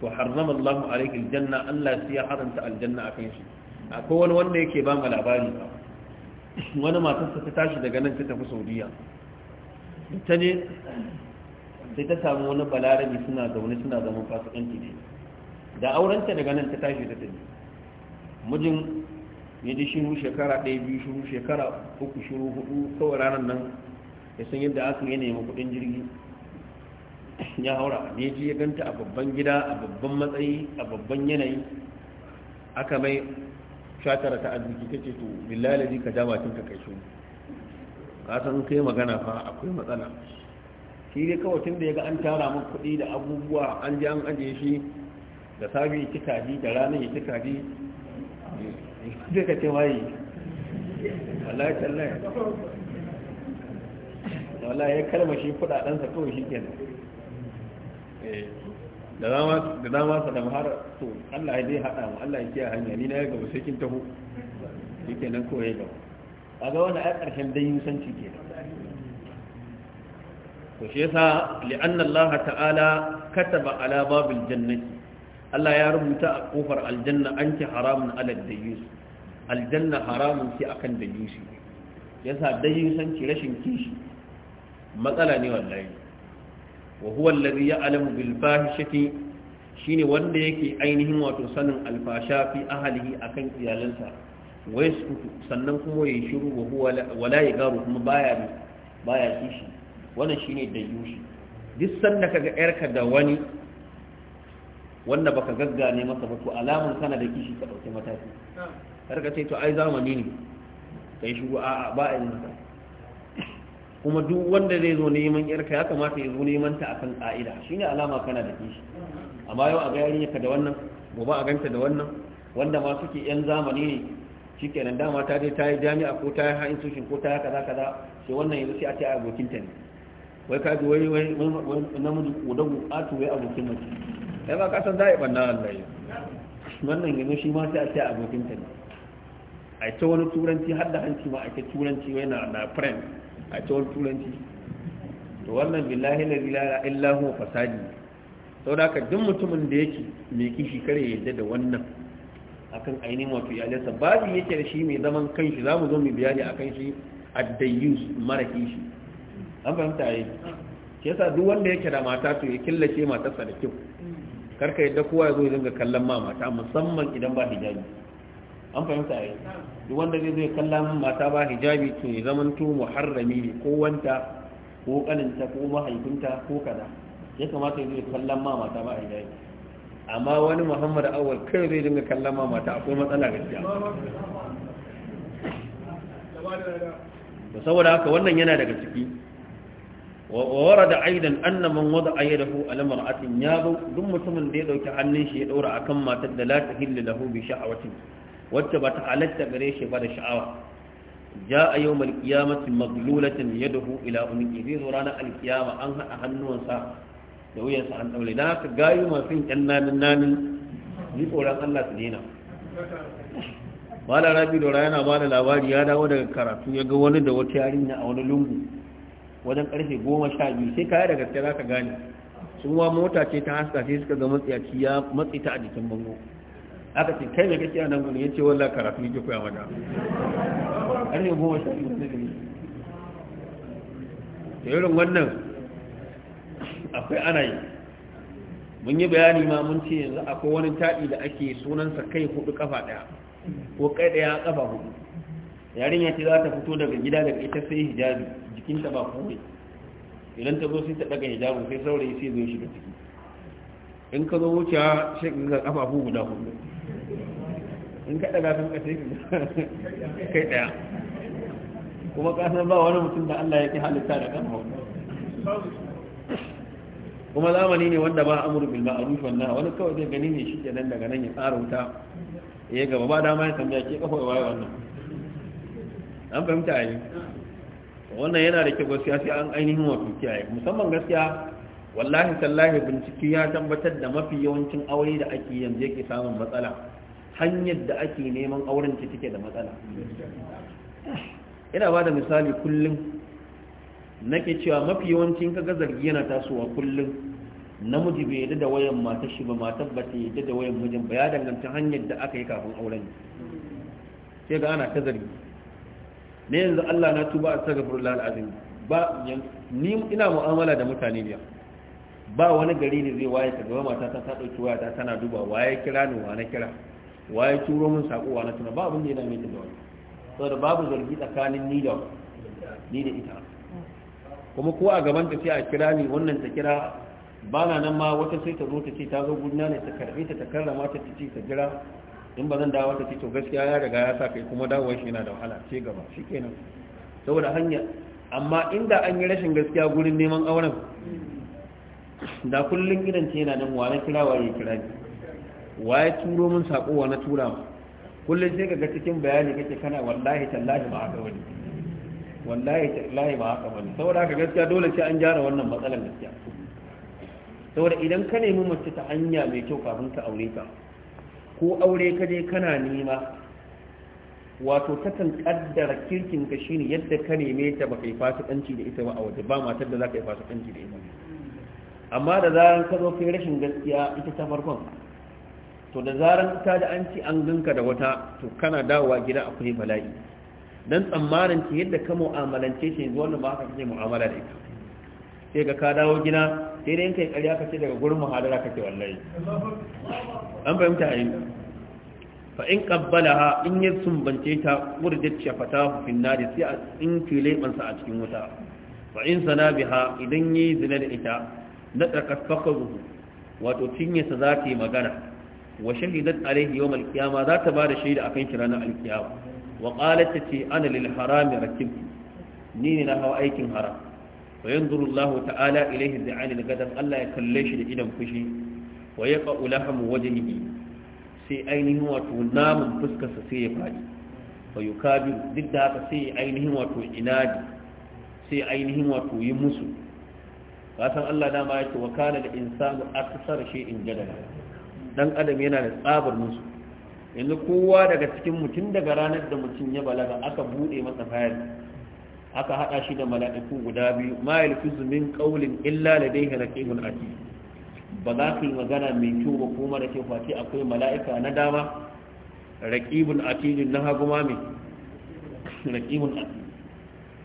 to harzama Allahu alaihi aljanna Allah sai ya haranta aljanna akan shi akwai wani wanda yake ba mu labari ba wani matarsa ta tashi daga nan ta tafi Saudiya ta ne sai ta samu wani balarabi suna zaune suna zaman fasikanci ne da aurenta daga nan ta tashi ta tafi mijin ya ji shiru shekara ɗaya biyu shiru shekara uku shiru hudu kawai ranar nan ya san yadda aka yi neman kuɗin jirgi ya haura ne ji ya ganta a babban gida a babban matsayi a babban yanayi aka mai shatara ta arziki ta ce to billahi ka dama tun ka kai shi ka san kai magana fa akwai matsala shi dai kawai tun da ya ga an tara min kuɗi da abubuwa an ji an ajiye shi da sabi ya ci kaji da ranar ya ci kaji da ka ce waye wallahi tallahi wallahi ya kalmashi kuɗaɗensa kawai shi kenan eh, da dama sa da mahara to Allah ya dai haɗa mu Allah ya kiya hanya ni na ya gaba sai kin taho shi kenan kawai ya gaba a ga wani a ƙarshen dai yusanci kenan to shi yasa li'anna Allah ta'ala kataba ala babil jannati Allah ya rubuta a kofar aljanna anki haramun ala dayyus aljanna haramun ki akan dayyusi yasa dayyusanci rashin kishi matsala ne wallahi wa huwa alladhi ya'lamu bil fahishati shine wanda yake ainihin wato sanin alfasha fi ahlihi akan iyalansa wai sannan kuma yayi shiru wa huwa wala yagaru kuma baya baya kishi wannan shine da yushi duk sanda kaga yarka da wani wanda baka gaggane masa ba to alamun kana da kishi ka dauke mataki kar ka ce to ai zamani ne kai shigo a'a ba a yin haka kuma duk wanda zai zo neman yarka ya kamata ya zo neman ta akan ka'ida shine alama kana da kishi amma yau a ga yarinyarka da wannan gobe a ganta da wannan wanda ma suke yan zamani ne shikenan dama ta je ta yi jami'a ko ta yi ha'in sushin ko ta yi kaza kaza sai wannan yanzu sai a ce a abokinta ne wai kaji wai wai namiji da bukatu wai abokin mace ya ba ka san za a yi banna ya wannan yanzu shi ma sai a ce abokin ta ne a ta wani turanci har da hanci ma a ta turanci wai na na friend a ta wani turanci to wannan billahi la ilaha illahu fasadi fasadi saboda haka duk mutumin da yake mai kishi kare ya yadda da wannan akan ainihin wato iyalinsa babu yake da shi mai zaman kanshi za mu zo mu bayani akan shi addayus mara kishi an fahimta a yi ke sa duk wanda yake da mata to ya killace matarsa da kyau karka yadda kowa ya zo ya dinga kallon ma mata musamman idan ba hijabi an fahimta a yi duk wanda zai zo ya kallon mata ba hijabi to ya zama to muharrami ne ko wanta ko kaninta ko mahaifinta ko kaza ya kamata ya zo ya kallon ma mata ba hijabi amma wani muhammad awal kai zai dinga kallon ma mata akwai matsala gaskiya saboda haka wannan yana daga ciki waɓawa da aidan annama wanda a yi da hu alamar asin ya ba duk mutumin da ya dauki hannun shi ya daura a kan matar da lanta hilla da hu bai wacce ba ta halatta kireshi ba da sha'awa? za a yau malakiya masu makzulatin miyar da hu ilawa niƙe zai saura na alƙiyama an haɗa hannuwar sa da wuya tsakan ɗaule gayu masu yin yan nanan ni tsoron allah su daina. bala rabi dora yana ba da labari ya dawo daga karatu ya ga wani da wata yarinya a wani lungu. wajen karfe goma sha biyu sai kaya da gaske za ka gane sun wa mota ce ta haska sai suka ga matsiyaci ya matsi ta a jikin bango aka ce kai ne kake a nan gudu ya ce wallah karatu ne ke koya mata karfe goma sha biyu da irin wannan akwai ana yi mun yi bayani ma mun ce yanzu akwai wani taɗi da ake sunansa kai hudu kafa ɗaya ko kai ɗaya kafa hudu yarinya ce za ta fito daga gida daga ita sai hijabi cikinta ba komai idan ta zo sai ta daga hijabin sai saurayi sai zo shiga ciki in ka zo wuce shi ga kafafu guda hudu in ka daga sun ka kai daya kuma kasan ba wani mutum da Allah ya ke halitta da kan hudu kuma zamani ne wanda ba amur bil ma'ruf wan nahy wani kawai zai gani ne shi nan daga nan ya tsara wuta ya gaba ba dama ya tambaya ke kafa waye wannan an fahimta yi wannan yana da kyau gaskiya sai an ainihin wato kiyaye musamman gaskiya wallahi sallahi binciki ya tabbatar da mafi yawancin aure da ake yanzu yake samun matsala hanyar da ake neman auren ta take da matsala ina ba da misali kullum nake cewa mafi yawancin kaga zargi yana tasowa kullum namiji bai yadda da wayan matar shi ba matar ba ta yadda da wayan mijin ba ya danganta hanyar da aka yi kafin auren sai ga ana ta zargi ne yanzu Allah na tuba astaghfirullah alazim ba ni ina mu'amala da mutane biya ba wani gari ne zai waye ta gaba mata ta ta dauki waya ta tana duba waye kira ni wa na kira waye turo min sako wa na tuna ba abin da yana mai da wani saboda babu zargi tsakanin ni da ni da ita kuma ko a gaban ta sai a kira ni wannan ta kira ba na nan ma wata sai ta zo ta ce ta zo gudna ne ta karbe ta ta karrama ta ta ce ta jira in ba zan dawo ta ce to gaskiya ya riga ya sa kai kuma dawo shi yana da wahala ce gaba shikenan saboda hanya amma inda an yi rashin gaskiya gurin neman auren da kullun gidan ce yana nan wani kira wa ya kira ni waye turo min sako wa na tura ma kullun sai ga cikin bayani kake kana wallahi tallahi ba haka wani wallahi tallahi ba haka wani saboda haka gaskiya dole sai an gyara wannan matsalar gaskiya saboda idan ka nemi mace ta hanya mai kyau kafin ka aure ka ko aure ka je kana nema wato takan kaddara kirkin ka shine yadda ka neme ta ba kai fasikanci da ita ba a waje ba matar da za ka yi fasikanci da ita amma da zaran ka zo kai rashin gaskiya ita ta farkon to da zaran ta da an ci an ganka da wata to kana dawowa gida akwai bala'i dan tsammanin ki yadda ka mu'amalance shi yanzu wannan ba haka kake mu'amala da ita sai ka ka dawo gida sai dai in kai ƙarya ka ce daga gurin muhadara kake wallahi an fahimta a yi fa in in ya sumbance ta wurdat shafatahu fin nar sai a tsinke lebansa a cikin wuta fa in sana biha idan yi zina da ita na tsarkat fakaruhu wato cinyarsa za ta yi magana wa shahidat alaihi yawm alqiyama za ta bada shaida a kan shi ranar alqiyama wa qalat ce ana lil harami rakib ni ne na hawa aikin haram wa yanzurullahu ta'ala ilaihi bi'ani gadon Allah ya kalle shi da idan fushi wa ya ƙa'ulahamu wajen sai ainihin wato namun fuskarsa sai ya faɗi ba yi kabi duk da haka sai ainihin wato inadi sai ainihin wato yi musu kasan allah dama ya ce wa da insanu kasar shi in jadala dan adam yana da tsabar musu yanzu kowa daga cikin mutum daga ranar da mutum ya balaga aka buɗe masa fayar aka haɗa shi da mala'iku guda biyu ma ƙaulin illa da illa ladayhi raqibun aji. ba za ka yi magana mai kyau ba ko da ke face akwai mala'ika na dama raƙibin atidun na hagu ma mai raqibun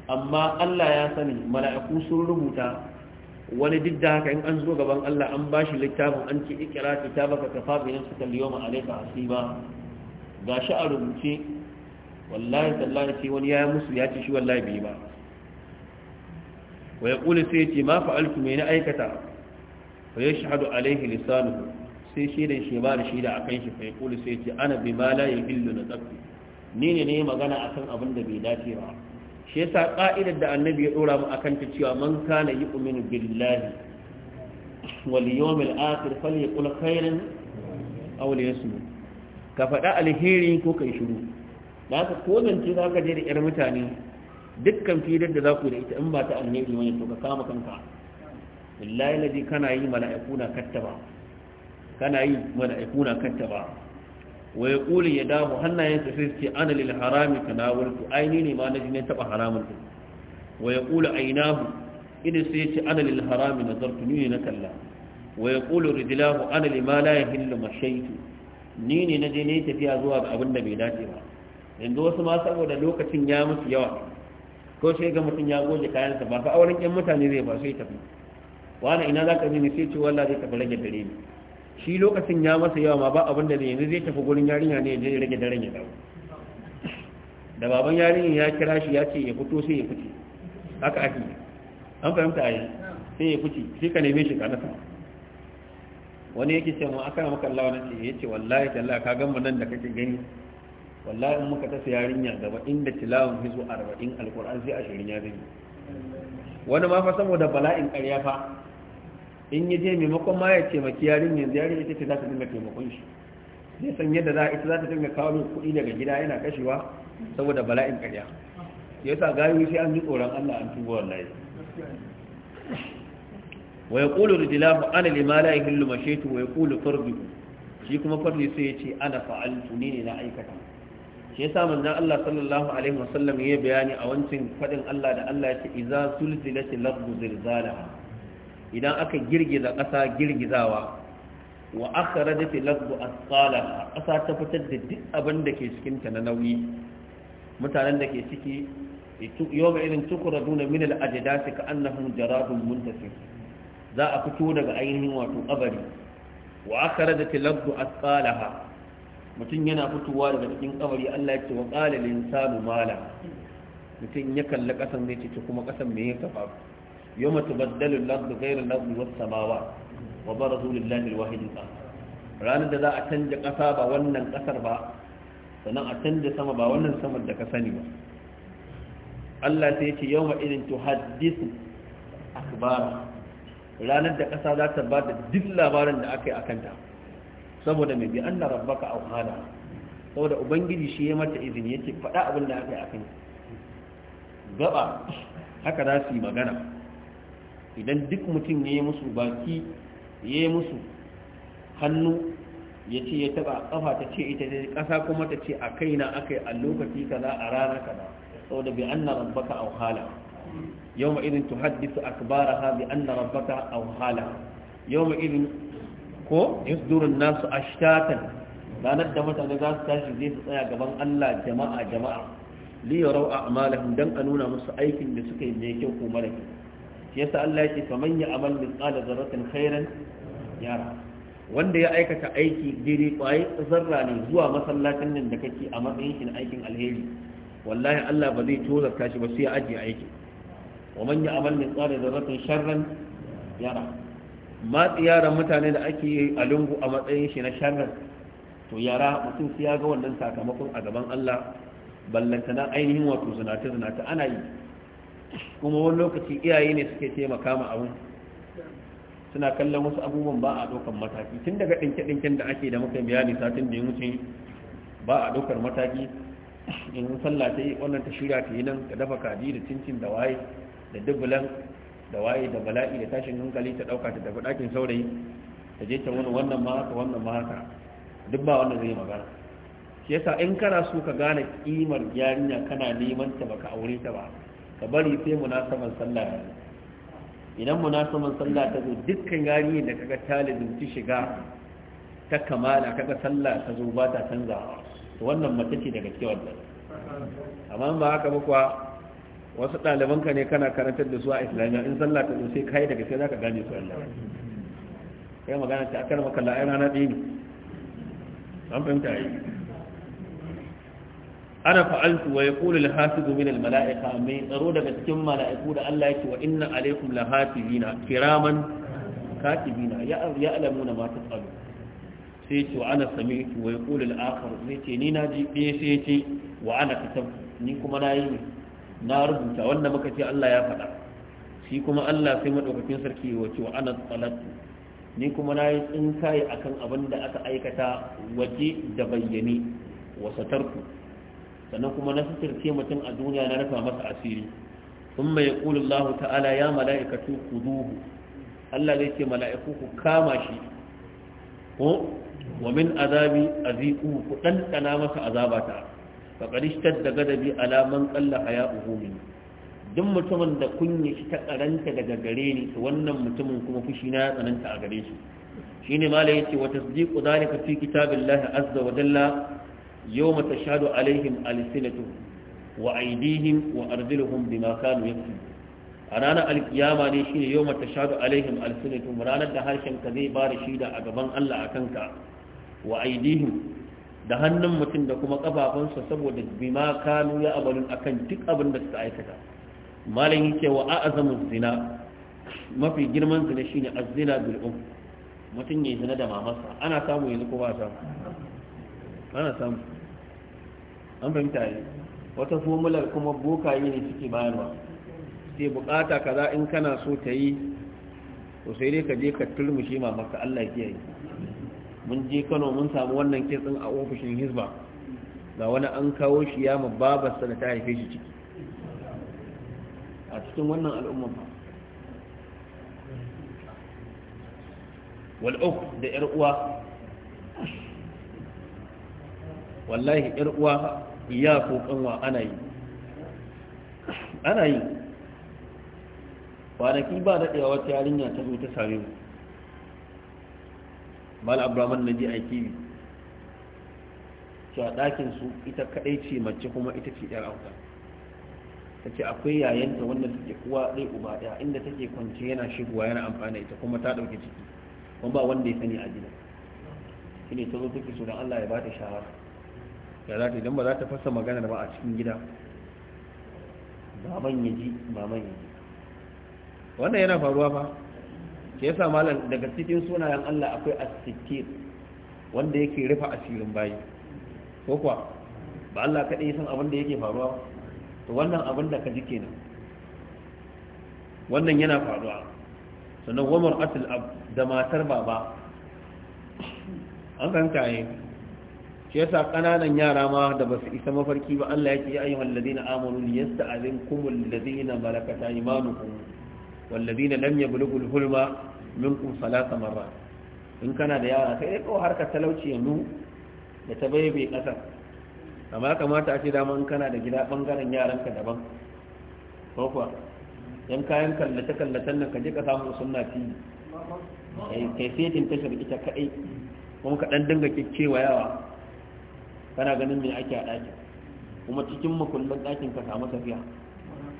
amma Allah ya sani mala'iku sun rubuta wani duk da haka in an zo gaban Allah an ba shi littafin an ce ikira ta kafa bi nafsika al-yawma alayka hasiba gashi a rubuce wallahi tallahi ce wani ya yi musu ya ce shi wallahi bai ba wa yaqulu sai ce ma fa'altu mai na aikata fa shahadu alaihi lisanuhu sai shaidan shi ba da shaida akan shi fa yaqulu sai ce ana bima la na nazaqtu ni ne ne magana a kan abin da bai dace ba shi yasa ka'idar da annabi ya dora mu akan ta cewa man kana yu'minu billahi wal yawmil akhir falyaqul khairan aw liyasmut ka faɗa alheri ko kai shiru da ka ko za ka je da ƴar mutane dukkan fidar da za ku da ita in ba ta alheri wani to ka kama kanka billahi ladi kana yi mala'iku na kattaba kana yi mala'iku na kattaba wa yaqulu yadahu hannayen sa sai ce ana lil harami tanawultu aini ne ma na naji ne taba haramun din wa yaqulu mu? idan sai ce ana lil harami na nazartu ni na kalla wa yaqulu rijlahu ana lima la yahillu mashaitu ni ne na je ne tafiya zuwa ga abin da bai dace ba yanzu wasu ma saboda lokacin ya musu yawa ko sai ga mutum ya goge kayansa ba fa auren yan mutane zai ba sai tafi wani ina za ka je ne sai ce wallah zai tafi rage dare ne shi lokacin ya masa yawa ma ba abin da yanzu zai tafi gurin yarinya ne ya rage daren ya dawo da baban yarinya ya kira shi ya ce ya fito sai ya fice haka ake an fahimta a yi sai ya fice sai ka neme shi ka wani yake ce mu aka maka Allah wani ce yace wallahi talla ka gan mu nan da kake gani wallahi in muka tafi yarinya gaba inda tilawun hizo 40 alquran sai ashirin ya zai wani ma fa saboda bala'in ƙarya fa in ya je maimakon ma ya maki yarin yanzu yarin ita ce za ta dinga taimakon shi zai san yadda za ita za ta dinga kawo min kuɗi daga gida yana kashewa saboda bala'in ƙarya Ya sa gayu sai an ji tsoron Allah an tubo layi wa yaqulu rijalahu ana lima hillu mashe tu wa ƙulu fardu shi kuma fardu sai yace ana tuni ne na aikata shi yasa na Allah sallallahu alaihi wasallam ya bayani a wancan faɗin Allah da Allah ya ce idza zulzilatil lafzu zilzalaha idan aka girgiza ƙasa girgizawa wa akhrajat al-ardu asqalaha ƙasa ta fitar da duk abin da ke cikinta na nauyi mutanen da ke ciki yawma irin tukura duna min al-ajdasi ka annahum jaradun muntasir za a fito daga ainihin wato kabari wa akhrajat al a tsalaha, mutum yana fitowa daga cikin kabari Allah ya ce wa qala lil insanu mala mutum ya kalli kasan zai ce kuma ƙasan me ya tafafu يوم تبدل الأرض غير الأرض والسماوات وبرزوا لله الواحد القهار ranar da za a canja ƙasa ba wannan ƙasar ba sannan a canja sama ba wannan saman da ka sani ba Allah sai ce yau ma irin to hadisu akbara ranar da ƙasa za ta ba da duk labarin da aka yi a kanta saboda mai bi an na rabbaka a wahala saboda ubangiji shi ya mata izini yake faɗa abin da aka yi a kanta gaba haka za su yi magana idan duk mutum ya yi musu baki ya yi musu hannu ya ce ya taba kafa ta ce ita ce kasa kuma ta ce a kaina yi a lokaci za a rana sau saboda bi anna rabbaka aw hala yawma idin tuhaddisu ha bi anna rabbaka wahala. hala ma irin ko yasduru durin nasu ashtatan ranar da mutane za su tashi zai su tsaya gaban Allah jama'a jama'a li a a'malahum don a nuna musu aikin da suka yi mai kyau ko mara kyau shi yasa Allah yake faman ya amal min qala zarratin khairan yara wanda ya aikata aiki daidai kwaye zarra ne zuwa masallacin nan da kake a matsayin shi na aikin alheri wallahi Allah ba zai tozarta shi ba sai ya ajiye aiki. wa man ya amal min qala zarratin sharran yara ma tsiyaran mutane da ake a lungu a matsayin shi na sharran to yara mutum sai ya ga wannan sakamakon a gaban Allah ballantana ainihin wato zinata zinata ana yi kuma wani lokaci iyaye ne suke taimaka ma abu suna kallon wasu abubuwan ba a ɗaukar mataki tun daga ɗinke-ɗinken da ake da muka bayani satin da ya wuce ba a ɗaukar mataki in sallah ta yi wannan ta shirya ta yi nan ta dafa kaji da cincin da waye da dubulan da waye da bala'i da tashin hankali ta ɗauka ta tafi ɗakin saurayi ta je ta wani wannan ma haka wannan ma haka duk ba wannan zai magana shi yasa in kana so ka gane kimar yarinya kana neman ta baka aure ta ba ka bari sai munasaban sallah ta idan munasaban sallah ta zo dukkan yari da kaga talibin ci shiga ta kamala kaga sallah ta zo ba ta canzawa to wannan mace ce daga cikin wannan amma ba haka ba kuwa wasu ɗalibanka ne kana karantar da su a islamiyya in sallah ta zo sai kai daga sai zaka gane su Allah kai magana ta akar maka la'ayi rana ɗaya ne an fahimta yi ana fa'altu wa yaqulu al hafiz min mala'ika mai tsaro daga cikin mala'iku da Allah yake wa inna alaikum la hafizina kiraman katibina ya alamu na ma tsaro sai ce wa ana sami'tu wa yaqulu al akhar sai ce ni na naji ɗaya sai ce wa ana katab ni kuma na yi na rubuta wanda muka ce Allah ya faɗa shi kuma Allah sai madaukakin sarki wace wa ana tsalatu ni kuma na yi tsinkaye akan abin da aka aikata waje da bayyane wasatarku sannan kuma na suturce mutum a duniya na rufa masa asiri sun mai kula Allah ta'ala ya mala'ikatu ku duhu Allah zai ce mala'iku ku kama shi ko wa min azabi aziku ku ɗanɗana masa azabata fa qadishtat da gadabi ala man qalla haya'uhu min duk mutumin da kunya shi ta karanta daga gare ni to wannan mutumin kuma fushi na tsananta a gare shi shine malai yace wa tasdiqu zalika fi kitabillahi azza wa jalla yawma tashhadu alaihim alsinatu wa aydihim wa arjuluhum bima kanu a ranar alkiyama ne shine yawma tashhadu alaihim alsinatu ranar da harshen ka zai ba da shida a gaban Allah akan ka wa da hannun mutum da kuma kafafunsa saboda bima kanu ya abalun akan duk abin da suka aikata malam yake wa a'zamu zina mafi girman zina shine azzina bil um mutum yayi zina da mamarsa ana samu yanzu ko ba ana samu an fahimta yi wata fomular kuma bokaye ne suke bayarwa sai bukata kaza in kana so ta yi to sai dai ka je ka turmushi ma maka Allah yi mun je Kano mun samu wannan kitsin a ofishin Hizba ga wani an kawo shi ya ma babarsa da ta haife shi ciki a cikin wannan al'umma ba wal'uk da 'yar uwa wallahi yar uwa ya ko kanwa ana yi ana yi kwanaki ba ɗewa wata yarinya ta zo ta same mu mal abraman na ji aiki ne. cewa ɗakin su ita kaɗai ce mace kuma ita ce yar auta ta ce akwai yayanta wanda suke kuwa ɗai uba ɗaya inda take kwance yana shigowa yana amfani ita kuma ta ɗauki ciki kuma ba wanda ya sani a gida shi ne ta zo take so don allah ya ba ta shahara ya za ta idan ba za ta fasa maganar ba a cikin gida maman ya ji maman ya ji wannan yana faruwa fa ke yasa malam daga cikin sunayen Allah akwai as-sittir wanda yake rufa asirin bayi ko kuwa ba Allah kaɗai san abin da yake faruwa to wannan abin da ka ji kenan wannan yana faruwa sannan wamar asil da matar baba an fahimta ne shi yasa kananan yara ma da basu isa mafarki ba Allah yake ya ayyuhal ladina amanu liyasta'zinkumul ladina malakat imanukum wal ladina lam yablughul hulma minkum salata marra. in kana da yara kai ko kawai harkar talauci yanzu da ta bai bai kasa amma kamata a ce dama in kana da gida bangaren yaranka daban ko kuwa yan kayan kallace kallacen nan ka je ka samu sunna fi kai sai tin tashar ita kai kuma ka dan dinga kikkewa yawa kana ganin me ake a ɗakin kuma cikin makullin ɗakin ka samu tafiya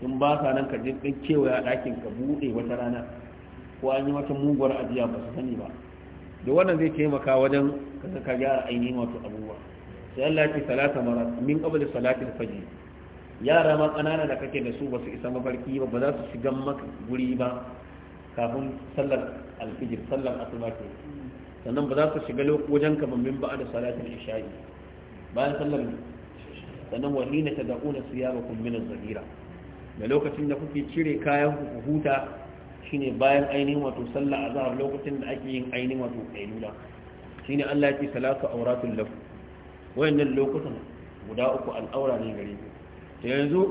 in ba sa nan ka je cewa ya ɗakin ka buɗe wata rana ko an yi wata muguwar ajiya ba su sani ba da wannan zai taimaka wajen ka ka gyara ainihin wato abubuwa sai Allah ke salata mara min qabli al fajr yara ma kanana da kake da su ba su isa mafarki ba ba za su shiga maka guri ba kafin sallar al-fajr sallar asuba ke sannan ba za su shiga wajen ka ba min ba da salatin isha'i bayan sallar sannan wahina ta da'una su yaba kumminan zahira da lokacin da kuke cire kayan ku huta shine bayan ainihin wato sallah azhar lokacin da ake yin ainihin wato kailula shine Allah ya ce salatu auratul lakum wayannan lokutan guda uku al'aura ne gare ku to yanzu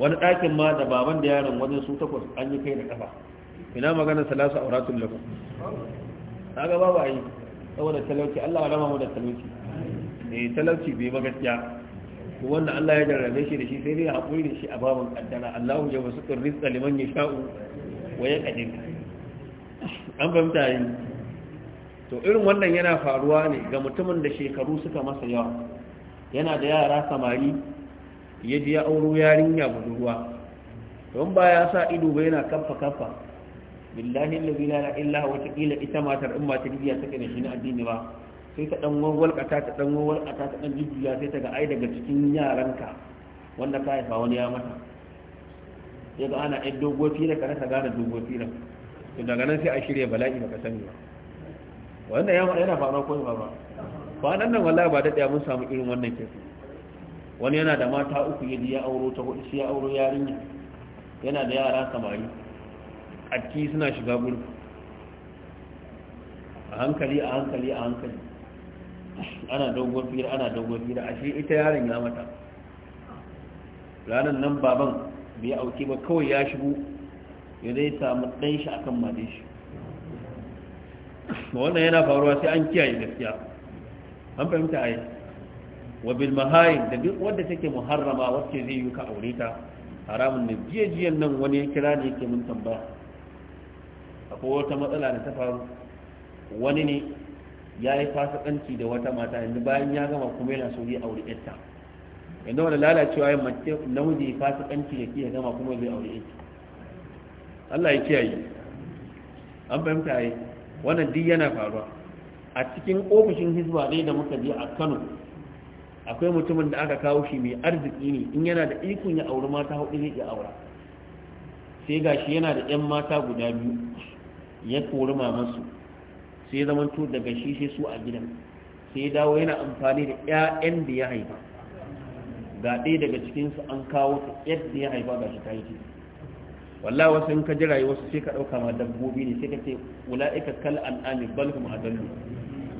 wani ɗakin ma da baban da yaron wajen su takwas an yi kai da kafa ina magana salatu auratul lakum kaga babu ayi saboda talauci Allah ya rama mu da talauci ne eh, talauci bai ba gaskiya to wannan Allah ya jarrabe shi da shi sai dai hakuri da shi a babin ƙaddara. Allahu ya wasu rizqa liman yasha'u wa yaqdir an ba mutane to irin wannan yana faruwa ne ga mutumin da shekaru suka masa yawa yana da yara samari ya biya auro yarinya budurwa don ba ya sa ido ba yana kaffa kaffa billahi allazi la ilaha illa huwa ita matar in ba ta biya take da shi na addini ba sai ta dan walwalkata ta dan walwalkata ta dan jujjuya sai ta ga ai daga cikin yaranka wanda ka haifa wani ya mata ya ga ana ɗan dogo fira ka rasa gane dogo fira to daga nan sai a shirya bala'i baka sani ba wanda ya mata yana faruwa ko ba ba kwanan nan wallahi ba daɗaya mun samu irin wannan kesu wani yana da mata uku yaji ya auro ta hudu shi ya auro yarinya yana da yara samari a suna shiga gurbi a hankali a hankali a hankali ana dogon fira ana dogon fira a shi ita yaron ya mata ranar nan baban bai auki ba kawai ya shigo ya zai samu ɗan shi akan made shi wannan yana faruwa sai an kiyaye gaskiya an fahimta a wa bil mahayin da duk wadda take muharrama wacce zai yi ka aure ta haramun ne jiyajiyan nan wani ya kira ne yake mun tambaya akwai wata matsala da ta faru wani ne ya yi fasikanci da wata mata yanzu bayan ya gama kuma yana so zai aure yarta yanzu wani lalacewa ya mace namiji fasikanci da ke ya gama kuma zai aure yarta Allah ya kiyaye an fahimta yi wannan duk yana faruwa a cikin ofishin hizba ne da muka je a Kano akwai mutumin da aka kawo shi mai arziki ne in yana da ikon ya auri mata hudu zai iya aura sai gashi yana da yan mata guda biyu ya kori mamansu sai ya zamanto daga shi sai su a gidan sai ya dawo yana amfani da 'ya'yan da ya haifa ga ɗaya daga cikinsu an kawo ta yadda ya haifa ga shi ta yi wallah wasu in ka ji rayuwarsu sai ka ɗauka ma dabbobi ne sai ka ce wula'ika kal al'ami bal ma dallu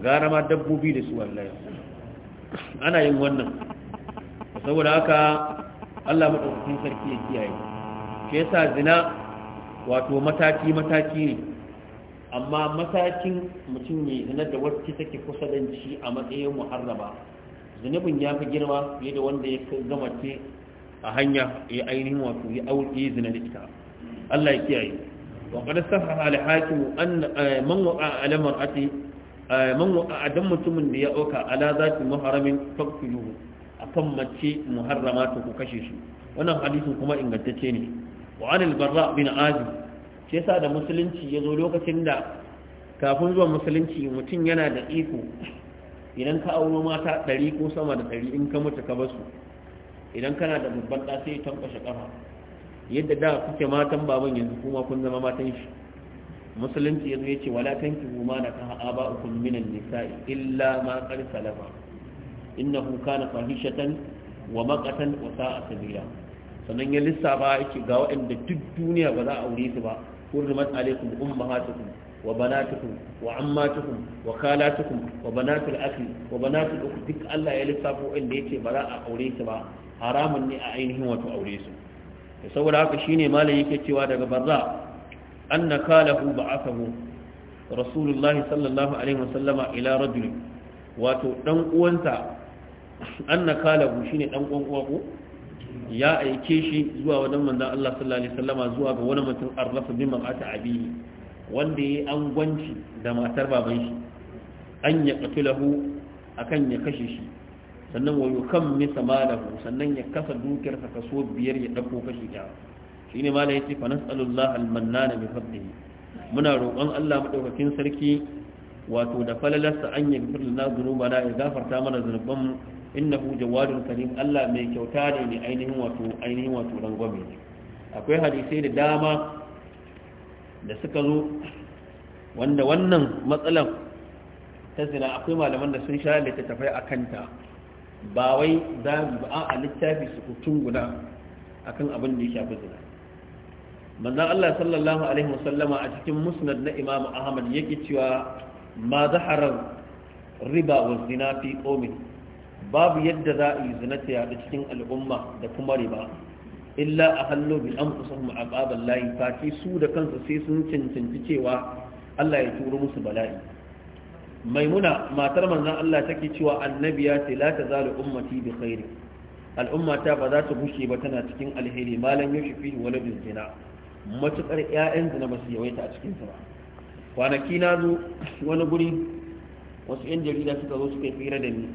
gara ma dabbobi da su wallahi ana yin wannan saboda haka Allah madaukakin sarki ya kiyaye shi yasa zina wato mataki mataki ne amma matakin mutum ne zina da wacce take kusa da shi a matsayin muharraba zunubin ya fi girma fiye da wanda ya gama ce a hanya ya ainihin wato ya auki zina da ita Allah ya kiyaye wa qad sahaha al hakim an eh, man wa'a ala mar'ati eh, man wa'a adam mutumin da ya auka ala zati muharramin faqtuluhu akan mace muharrama ta ku kashe shi wannan hadisin kuma ingantacce ne wa an al barra bin azib shi yasa da musulunci ya zo lokacin da kafin zuwa musulunci mutum yana da iko idan ka auno mata ɗari ko sama da ɗari in ka mutu ka basu idan kana da babban ɗa sai tankwashe ƙafa yadda da kuke matan baban yanzu kuma kun zama matan shi musulunci zo ya ce wala tanki na da kan ba ukun minan nisa illa ma ƙar salama innahu kana fahishatan wa maqatan wa sa'a sabila sannan ya lissafa yake ga waɗanda duk duniya ba za a aure su ba حرمت عليكم أمهاتكم وبناتكم وعماتكم وخالاتكم وبنات الأخ وبنات الأخت دك الله يلصفوا إن ديتي براء أوليس با حرام ني أعينهم وتأوليس يصور هكا شيني ما لي كتوا دك برزاء أن كاله بعثه رسول الله صلى الله عليه وسلم إلى رجل وتنقوانتا أن كاله شيني تنقوانتا ya aike shi zuwa wajen manzon Allah sallallahu alaihi wasallama zuwa ga wani mutum arrafa bi a biyu wanda ya yayi angwanci da matar baban shi an ya qatulahu akan ya kashe shi sannan wa yukammisa malahu sannan ya kasa dukiyarsa kaso biyar ya dauko kashi ɗaya shine mala ce fa nas'alullah al-mannan bi fadlihi muna roƙon Allah maɗaukakin sarki wato da falalarsa an ya fi gafir lana zunubana ya gafarta mana zunubanmu innahu jawadun karim Allah mai kyauta ne ne ainihin wato ainihin wato rangwame ne akwai hadisai da dama da suka zo wanda wannan matsalan ta zina akwai malaman da sun sha littattafai a kanta ba wai zabi ba a littafi su hutun guda kan abin da ya shafi zina manzan Allah sallallahu alaihi wasallama a cikin musnad na Imam Ahmad yake cewa ma riba wa zina fi qaumin babu yadda za a yi zina ta yaɗu cikin al'umma da kuma riba illa a hannu bi an kusa mu ababan layi fati su da kansu sai sun cancanci cewa Allah ya turo musu bala'i maimuna matar manzon Allah take cewa annabi ya ce la tazalu ummati bi khairi al'ummata ba za ta bushe ba tana cikin alheri malam yushifi wala bin zina matukar ƴaƴan zina ba su yawaita a cikin ba kwanaki na zo wani guri wasu 'yan jarida suka zo suka fira da ni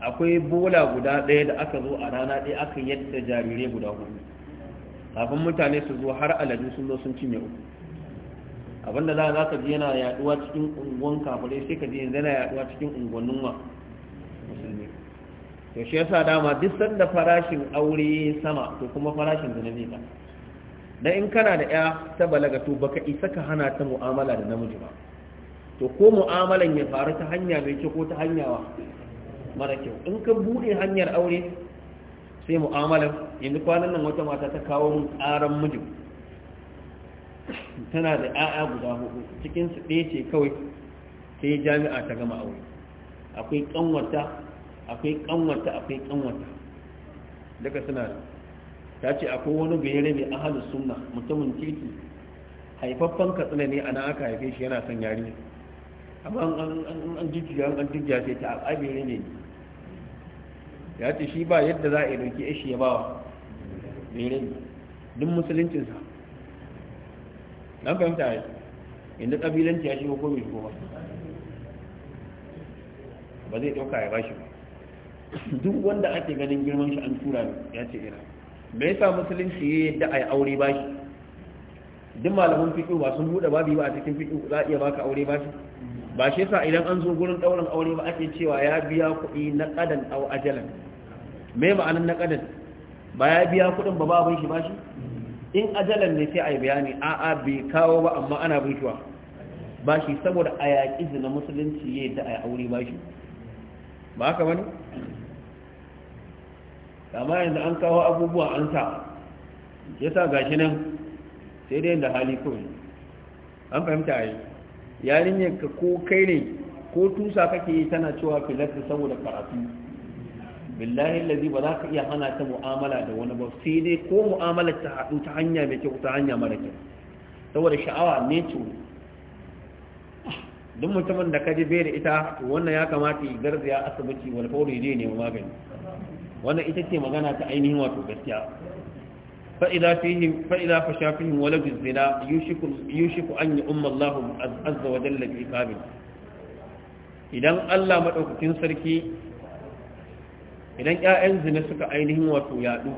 akwai bola guda ɗaya da aka zo a rana ɗaya aka yadda jarirai guda hudu kafin mutane su zo har aladu sun zo sun cinye uku abinda za za ka ji yana yaduwa cikin unguwan kafirai sai ka ji yanzu yana yaduwa cikin unguwannin wa musulmi to shi yasa dama duk sanda farashin aure sama to kuma farashin da zai ka dan in kana da ya ta balaga to baka isa ka hana ta mu'amala da namiji ba to ko mu'amalan ya faru ta hanya mai ce ko ta hanya wa mara kyau in ka buɗe hanyar aure sai mu'amalar yanzu kwanan nan wata mata ta kawo mun tsaron mijin tana da 'ya'ya guda hudu cikin su ɗaya ce kawai sai jami'a ta gama aure akwai kanwata akwai kanwata akwai kanwata daga suna ta ce akwai wani bayere mai ahalus sunna mutumin titi. haifaffen katsina ne ana aka haife shi yana son yari amma an jujjuya an jujjuya sai ta abin ne ya ce shi ba yadda za a yi dauki shi ya bawa mai rabi duk musuluncinsa don fahimta ya inda ƙabilanci ya shi ko mai shigo ba ba zai ɗauka ya bashi ba duk wanda ake ganin girman shi an tura ya ce ira me yasa musulunci ya yadda a yi aure bashi duk malamin fiƙi ba sun buɗe babi ba a cikin fiƙi za a iya baka aure bashi ba shi yasa idan an zo gurin ɗaurin aure ba ake cewa ya biya kuɗi na ƙadan au ajalan me ma'anar na ƙadan ba ya biya kuɗin ba ba shi ba shi in ajalan ne sai a yi bayani a'a bai kawo ba amma ana bin shiwa ba shi saboda a yaƙi zina musulunci ya yadda a yi aure ba shi ba haka bane amma yanzu an kawo abubuwa an sa yasa gashi nan sai dai da hali kawai an fahimta a yi yarinyar ka ko kai ne ko tusa kake yi tana cewa filasta saboda karatu billahi lazi ba za ka iya hana ta mu'amala da wani ba sai dai ko mu'amalar ta haɗu ta hanya mai kyau ta hanya mara kyau saboda sha'awa ne ce duk mutumin da ka ji bai da ita wannan ya kamata ya garzaya asibiti wani fauri zai nemi magani wannan ita ce magana ta ainihin wato gaskiya فإذا فيهم فإذا فشى فيهم ولد الزنا يوشك يوشك أن يؤم الله عز وجل بعقاب idan Allah madaukakin sarki idan ƴaƴan zina suka ainihin wato yadu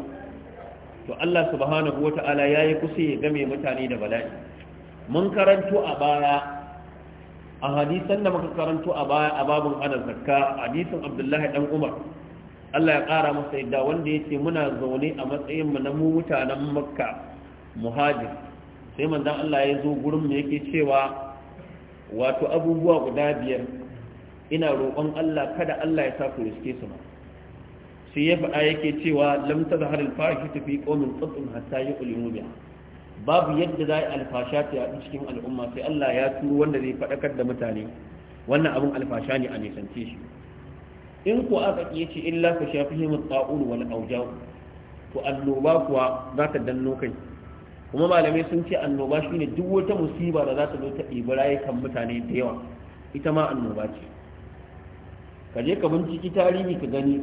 to Allah subhanahu ya yi kusa ya game mutane da bala'i mun karanto a baya a hadisan da muka karanto a baya a babun hana zakka a hadisan Abdullahi dan Umar Allah ya ƙara masa yadda wanda ya ce muna zaune a matsayin matsayinmu na mu mutanen makka muhajir sai manzan Allah ya zo gurin mu yake cewa wato abubuwa guda biyar ina roƙon Allah kada Allah ya sa ku riske su ma sai ya faɗa yake cewa lam tazhar al fahisha fi qaumin qatun hatta babu yadda za alfasha ta yaɗu cikin al'umma sai Allah ya turo wanda zai faɗakar da mutane wannan abin alfasha ne a nisance shi in ku aka iya ce illa ka shafi ta'ul wal to annoba kuwa za ta danno kai kuma malamai sun ce annoba shine duk wata musiba da za ta zo ta ɗibi kan mutane da yawa ita ma annoba ce ka je ka binciki tarihi ka gani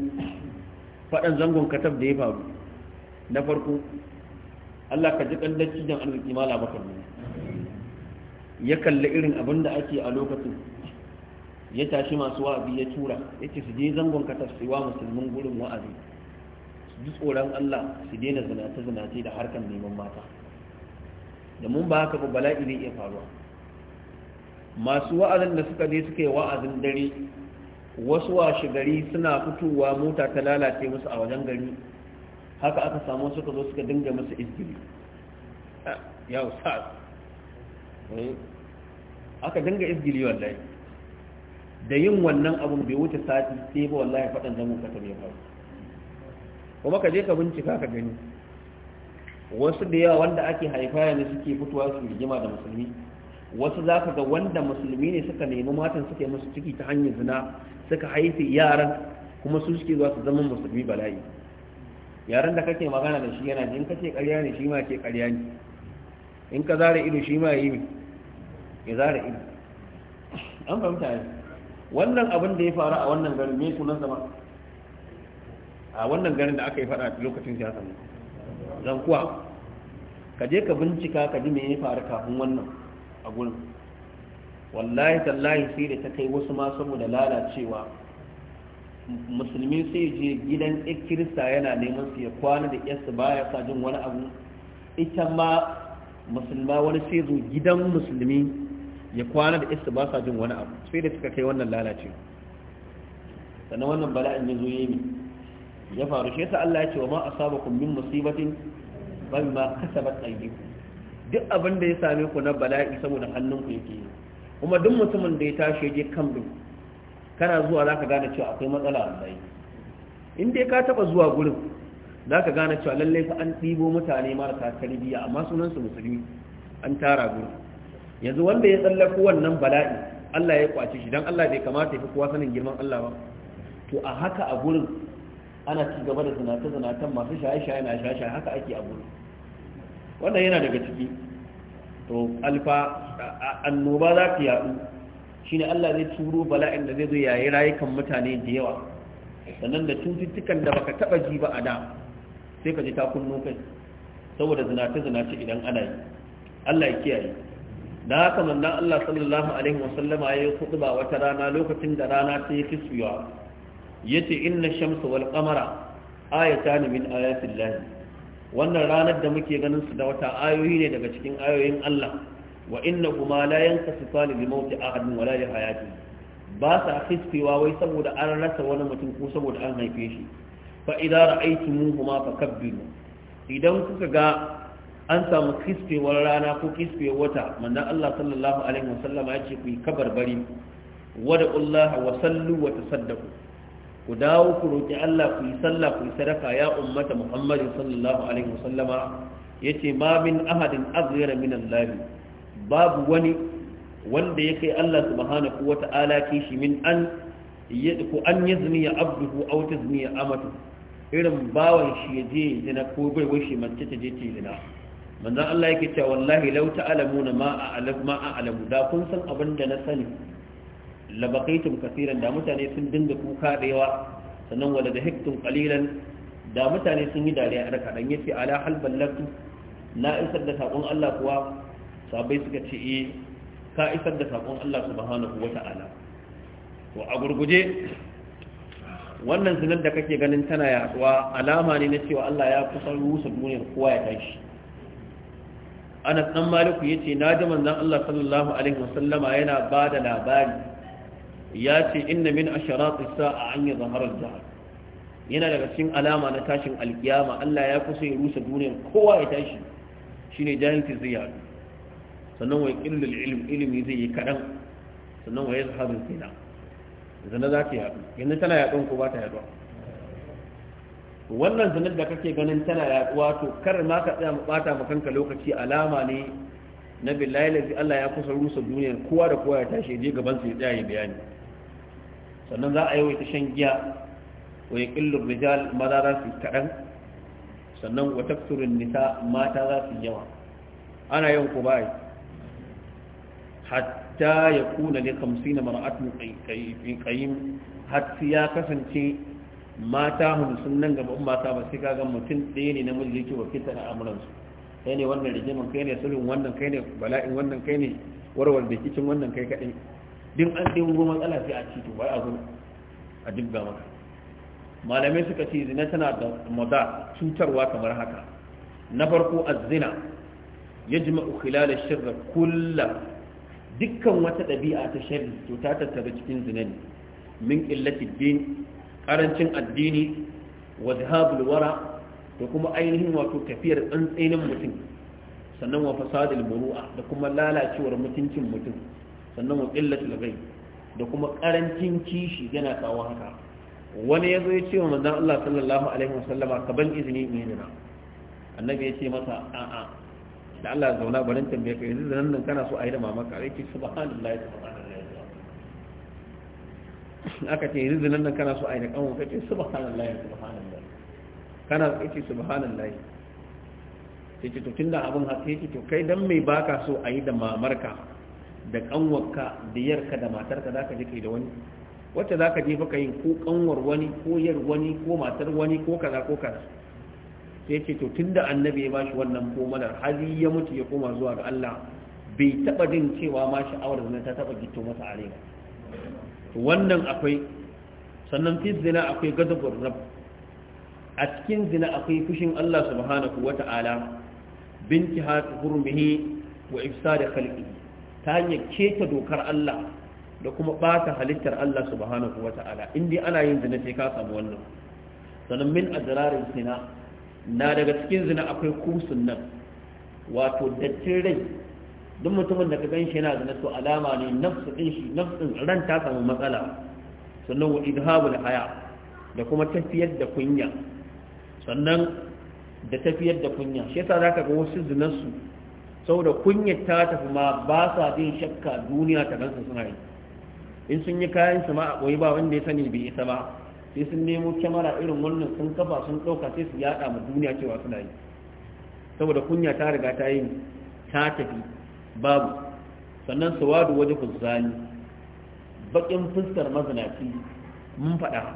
faɗan zangon katab da ya faru na farko Allah ka ji ƙandar cijin arziki labar bakar ne ya kalli irin abin da ake a lokacin ya tashi masu wa'azi ya tura ya ce su je zangon su wa musulmin gurin wa'azi su ji tsoron Allah su daina zinace zinace da harkar neman mata da mun ba haka ba bala'i zai iya faruwa masu wa'azin da suka je suka yi wa'azin dare wasu washe gari suna fitowa mota ta lalace musu a wajen gari haka aka samu suka zo suka dinga musu izgiri ah, ya eh, aka dinga izgiri wallahi da yin wannan abun bai wuce sati sai ba wallahi faɗan zamu ka katame ba kuma ka je ka bincika ka gani wasu da yawa wanda ake haifa yanzu suke fitowa su rigima da musulmi wasu za ka ga wanda musulmi ne suka nemi matan suke musu ciki ta hanyar zina suka haife yaran kuma su suke zuwa su zama musulmi bala'i yaran da kake magana da shi yana jin kace ƙarya ne shi ma ke ƙarya ne in ka zara ido shi ma yi ya zara ido an fahimta ne wannan abin da ya faru a wannan garin me sunan zama a wannan garin da aka yi fada lokacin siyasa ne kuwa ka je ka bincika ka ji me ya faru kafin wannan a gurin wallahi tallahi sai da ta kai wasu ma saboda lalacewa musulmi sai je gidan kirista yana neman su ya kwana da yasu baya sa jin wani abu ita ma musulma wani sai zo gidan musulmi ya kwana da isa ba sa jin wani abu sai da suka kai wannan lalace sannan wannan bala'in ya zo yemi ya faru shi yasa Allah ya ce wa ma asabakum min musibatin bal ma kasabat aydikum duk abin da ya same ku na bala'i saboda hannunku yake yi kuma duk mutumin da ya tashi je bin kana zuwa za gane cewa akwai matsala a bayi in dai ka taba zuwa gurin zaka gane cewa lallai fa an ɗibo mutane marasa tarbiyya amma sunan su musulmi an tara gurin yanzu wanda ya tsallaku wannan bala'i Allah ya kwace shi don Allah bai kamata ya fi kowa sanin girman Allah ba to a haka a gurin ana ci gaba da zinata zinatan masu shaye-shaye na shaye-shaye haka ake a gurin wannan yana daga ciki to alfa annoba za ta yaɗu shine Allah zai turo bala'in da zai zo yayi rayukan mutane da yawa sannan da cututtukan da baka taba ji ba a da sai ka ji ta kunno kai saboda zinace-zinace idan ana yi Allah ya kiyaye da haka manzon Allah sallallahu alaihi wasallama yayi khutba wata rana lokacin da rana ta yi kisuwa yace inna shamsu wal qamara ayatan min ayati Allah wannan ranar da muke ganin su da wata ayoyi ne daga cikin ayoyin Allah wa innahuma la yankasifani li mawti ahadin wala li hayati ba sa kisuwa wai saboda an rasa wani mutum ko saboda an haife shi fa idza ra'aytumuhuma fakabbiru idan kuka ga an samu kiskewar rana ko kiskewar wata manzon Allah sallallahu alaihi wasallama ya ce ku yi kabar-bari. wada Allah wa sallu wa tasaddaqu ku dawo ku roki Allah ku yi sallah ku yi sadaka ya ummata Muhammadin sallallahu alaihi wasallama yace ma min ahadin azghara min Allah babu wani wanda ya kai Allah subhanahu wa ta'ala kishi min an ku an yazni ya abduhu aw tazni ya amatu irin bawan shi ya je ko bai wai shi mace ta je ta zina manzan Allah yake cewa wallahi lau ta'alamu na a'lam a'lamu da kun san abin da na sani la baqaytum da mutane sun dinga kuka da yawa sannan wala da hektun qalilan da mutane sun yi dariya a kadan yace ala halban ballatu na isar da saƙon Allah kuwa sabai suka ce eh ka isar da saƙon Allah subhanahu wata'ala to a gurguje wannan zinar da kake ganin tana yaduwa alama ne na cewa Allah ya kusan rusa duniyar kowa ya tashi anas dan maliku ya ce na ji manzon Allah sallallahu alaihi wasallama yana ba da labari ya ce inna min sa a an yadhhara al Jihar. yana daga cikin alama na tashin alkiyama Allah ya kusa ya rusa duniyar kowa ya tashi shine jahilci zai yadu sannan wa yaqillu al-ilm ilmi zai yi kaɗan. sannan wai wa yazharu zina zina za ta yadu yanzu tana yadon ko ba ta yaduwa wannan zinar da kake ganin tana yaduwa to kar ma ka tsaya bata ma kanka lokaci alama ne na billahi lazi Allah ya kusa rusa duniya kowa da kowa ya tashi je gaban su ya tsaya bayani sannan za a yi wata shan giya wa yaqillu rijal maza za su kadan sannan wa takturun nisa mata za su yawa ana yawan ku bai hatta yakuna li 50 mar'atun qayyim hatta ya kasance mata sun nan gaba in mata ba sai kaga mutum ɗaya ne namiji yake wakilta na amuransu kai ne wannan rigiman kai ne sulhun wannan kai ne bala'in wannan kai ne warwar da kicin wannan kai kaɗai duk an ɗin goma matsala sai a ci to bai a zo a jibga maka malamai suka ce zina tana da mada cutarwa kamar haka na farko zina, ya ukila da shirra kulla. dukkan wata ɗabi'a ta shari to ta tattara cikin zina ne min ƙillatin karancin addini wa zahabul wara da kuma ainihin wato tafiyar tsantsainin mutum sannan wa fasadil muru'a da kuma lalacewar mutuncin mutum sannan wa qillatul ghaib da kuma karancin kishi yana kawo haka wani yazo ya ce wa manzon Allah sallallahu alaihi wasallama ka ban izini in yi zina annabi ya ce masa a'a da Allah zauna barin tambaye ka yanzu nan kana so a yi da mamaka yake subhanallahi subhanallahi aka ce yanzu nan kana so a yi da kanwa ka ce subhanallah subhanallah kana so ce subhanallah sai ce to da abin haka yake to kai dan me baka so a yi da mamarka da kanwarka da yarka da matarka zaka je kai da wani wacce zaka je fa kai ko kanwar wani ko yar wani ko matar wani ko kaza ko kaza sai ce to tunda annabi ya bashi wannan komalar hali ya mutu ya koma zuwa ga Allah bai taba jin cewa ma sha'awar zina ta taba gito masa a wannan akwai sannan fi zina akwai gadabur rab a cikin zina akwai fushin Allah subhanahu ta'ala binki hatu hurmihi wa da khalqi ta hanyar keta dokar Allah da kuma bata halittar Allah subhanahu ta'ala indai ana yin zina sai ka samu wannan sannan min azrarin zina na daga cikin zina akwai kusun nan wato dattin rai duk mutumin da ka gan shi yana zina to alama ne nafsu din shi nafsin ran ta samu matsala sannan wa idhabul haya da kuma tafiyar da kunya sannan da tafiyar da kunya shi yasa zaka ga wasu zinansu saboda kunya ta tafi ma ba sa jin shakka duniya ta gansu suna yi in sun yi kayan su ma a koyi ba wanda ya sani bai isa ba sai sun nemo kyamara irin wannan sun kafa sun ɗauka sai su yada ma duniya cewa suna yi saboda kunya ta riga ta yi ta tafi babu sannan sawadu waje zani bakin fuskar mazinaci mun faɗa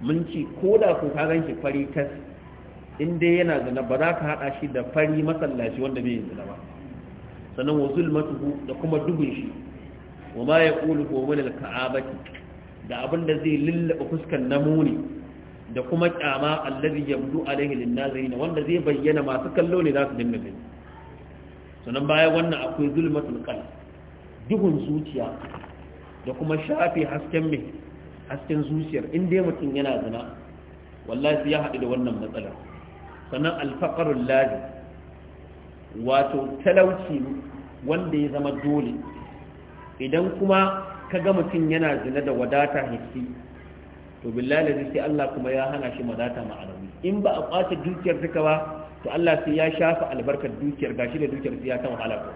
mun ci ko da ko ka ganshi fari tas in dai yana zina ba za ka haɗa shi da fari masallaci wanda bai yin zina ba sannan wa zulmatuhu da kuma dubin shi wa ma ya ƙulu ko wani ka'abati da abin da zai lullaba fuskar namuni da kuma kyama allazi yabdu alaihi lin wanda zai bayyana masu kallo ne za su dinga gani sannan baya wannan akwai zulmatul qalb duhun zuciya da kuma shafi hasken mai hasken zuciyar in dai mutum yana zina wallahi sai ya haɗu da wannan matsalar sannan alfaqarul ladi wato talauci wanda ya zama dole idan kuma ka ga mutum yana zina da wadata hissi to billahi sai Allah kuma ya hana shi wadata ma'anawi in ba a kwace dukiyar duka ba to Allah sai ya shafa albarkar dukiyar gashi da dukiyar sai ya ta wahala ko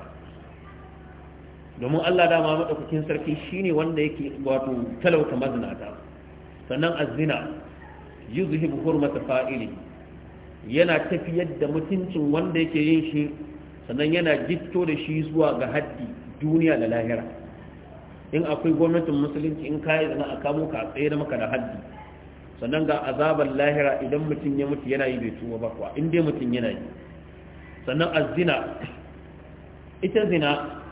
domin Allah dama madaukakin sarki shine wanda yake wato talauta mazinata sannan azina yuzhibu hurmata fa'ili yana tafiyar da mutuncin wanda yake yin shi sannan yana jitto da shi zuwa ga haddi duniya da lahira in akwai gwamnatin musulunci in kai zama a kamo ka tsaye da maka da haddi sannan ga azabar lahira idan mutum ya mutu yana yi bai tuwa ba kuwa in dai mutum yana yi sannan azina ita zina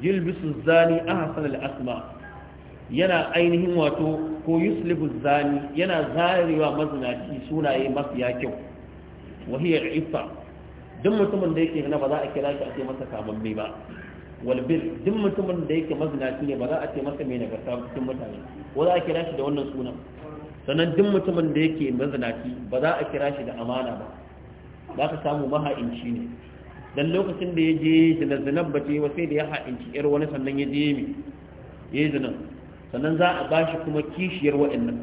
su zani a al-asma yana ainihin wato ko yuslibu zani yana zarewa mazinaci sunaye ya kyau wahiyar ifa duk mutumin da yake hana ba za a kira shi a ce masa kamamme ba walbir duk mutumin da yake mazinaci ne ba za a ce masa mai nagarta cikin mutane ko za a kira shi da wannan sunan sannan duk mutumin da yake mazinaci ba za a kira shi da amana ba za ka samu maha'inci ne dan lokacin da ya je zina zinan ba ce sai da ya ha'inci yar wani sannan ya je mi ya zinan sannan za a bashi kuma kishiyar wa'annan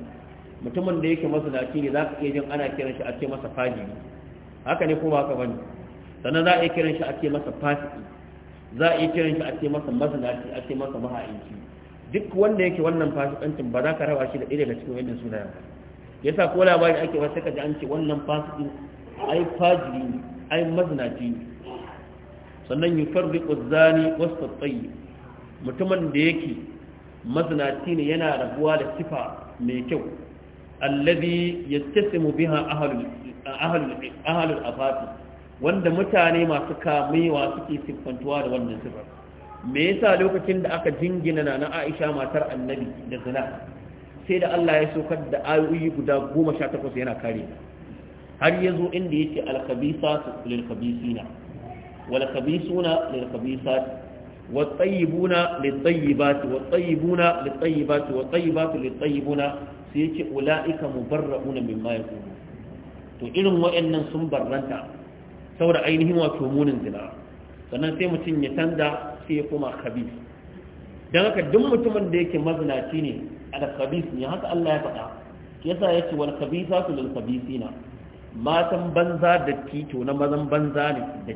mutumin da yake mazinaci ne za ka iya jin ana kiran shi a ce masa faji haka ne ko ba ka bane sannan za a iya kiran shi a ce masa fasiki za a iya kiran shi a ce masa mazinaci a ce masa maha'inci duk wanda yake wannan fasikancin ba za ka raba shi da ɗaya daga cikin wannan yawa ya sa ko labari ake ba sai ka ji an ce wannan fasikin ai fajiri ne ai mazinaci ne sannan yi farri ƙuzzani wasu tsayi mutumin da yake mazinaci ne yana rabuwa da sifa mai kyau allabi ya mu biha ahalul afafi wanda mutane masu kamewa suke siffantuwa da wannan sifar me yasa lokacin da aka jingina na Aisha matar Annabi da zina sai da Allah ya saukar da ayoyi guda 18 yana kare har yazo inda yake al-khabisatu lil-khabisina wal-khabisuna lil-khabisat wat-tayyibuna lit-tayyibati wat-tayyibuna lit-tayyibati wat-tayyibatu lit-tayyibuna sai yake ulaika mubarra'una mimma yaqulu to irin wayannan sun barranta saboda ainihin wato munin zina sannan sai mutum ya tanda. sai ya koma khabis dan haka duk mutumin da yake mazinaci ne al khabis ne haka Allah ya faɗa yasa yace wal su lil khabisina matan banza da to na mazan banza ne da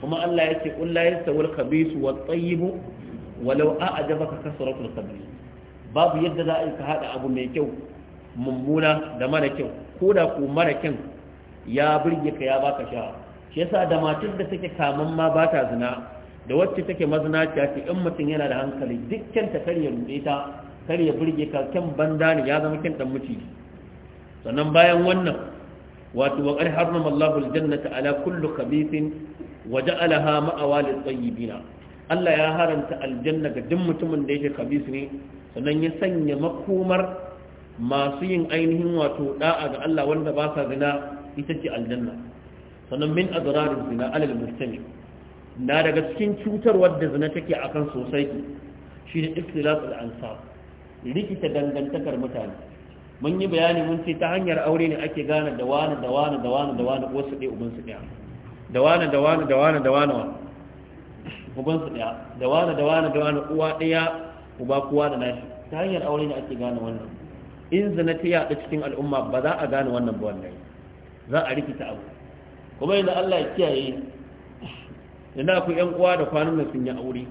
kuma Allah yake qul la yastawil khabisu wat tayyibu walau a'jabaka al khabis babu yadda za a yi ka hada abu mai kyau mummuna da mara kyau ko da ko mara kyan ya burge ka ya baka sha shi yasa da matar da take kaman ma ba ta zina da wacce take mazinaciya ce in mutum yana da hankali dukkan ta karya ruɗe ta karya burge ka kyan banda ne ya zama kyan dan miciji sannan bayan wannan wato wa qad harrama Allahu al-jannata ala kulli khabithin wa ja'alaha ma'awa lit-tayyibin Allah ya haranta aljanna ga duk mutumin da yake khabith ne sannan ya sanya makomar masu yin ainihin wato da'a ga Allah wanda ba sa zina ita ce aljanna sannan min azrarin zina alal mustami na daga cikin cutar wadda zina take a kan sosai shi ne ikhtilaful al'ansa rikita dangantakar mutane mun yi bayani mun ce ta hanyar aure ne ake gane da wani da wani da wani da wani wasu ɗaya ubansu ɗaya da wani da wani da wani da wani ubansu ɗaya da wani da wani da wani uwa ɗaya uba kuwa da nashi ta hanyar aure ne ake gane wannan in zina ta yaɗa cikin al'umma ba za a gane wannan ba wannan za a rikita abu kuma yanzu Allah ya kiyaye yana ku yan uwa da kwanan nan sun yi aure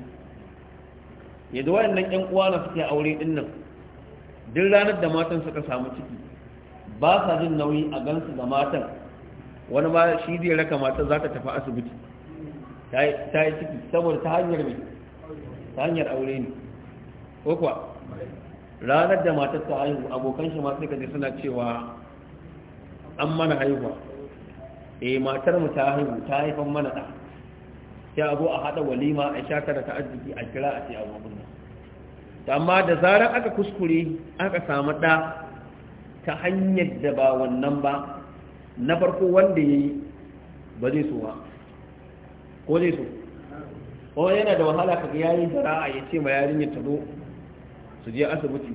yadda wayannan yan uwa na suke aure din nan duk ranar da matan suka samu ciki ba sa jin nauyi a gansu da matan wani ma shi zai raka matan za ta tafi asibiti ta yi ciki saboda ta hanyar mai ta hanyar aure ne ko kuwa ranar da matar ta haihu abokan shi masu je suna cewa an mana haihuwa e matar mu ta haihu ta haifan mana ɗan sai a zo a haɗa walima a sha kada ta arziki a kira a ce a To amma da zarar aka kuskure aka samu ɗa ta hanyar da ba wannan ba na farko wanda ya yi ba zai so ba ko zai so ko yana da wahala kaga da zara'a ya ce ma yarinyar ta zo su je asibiti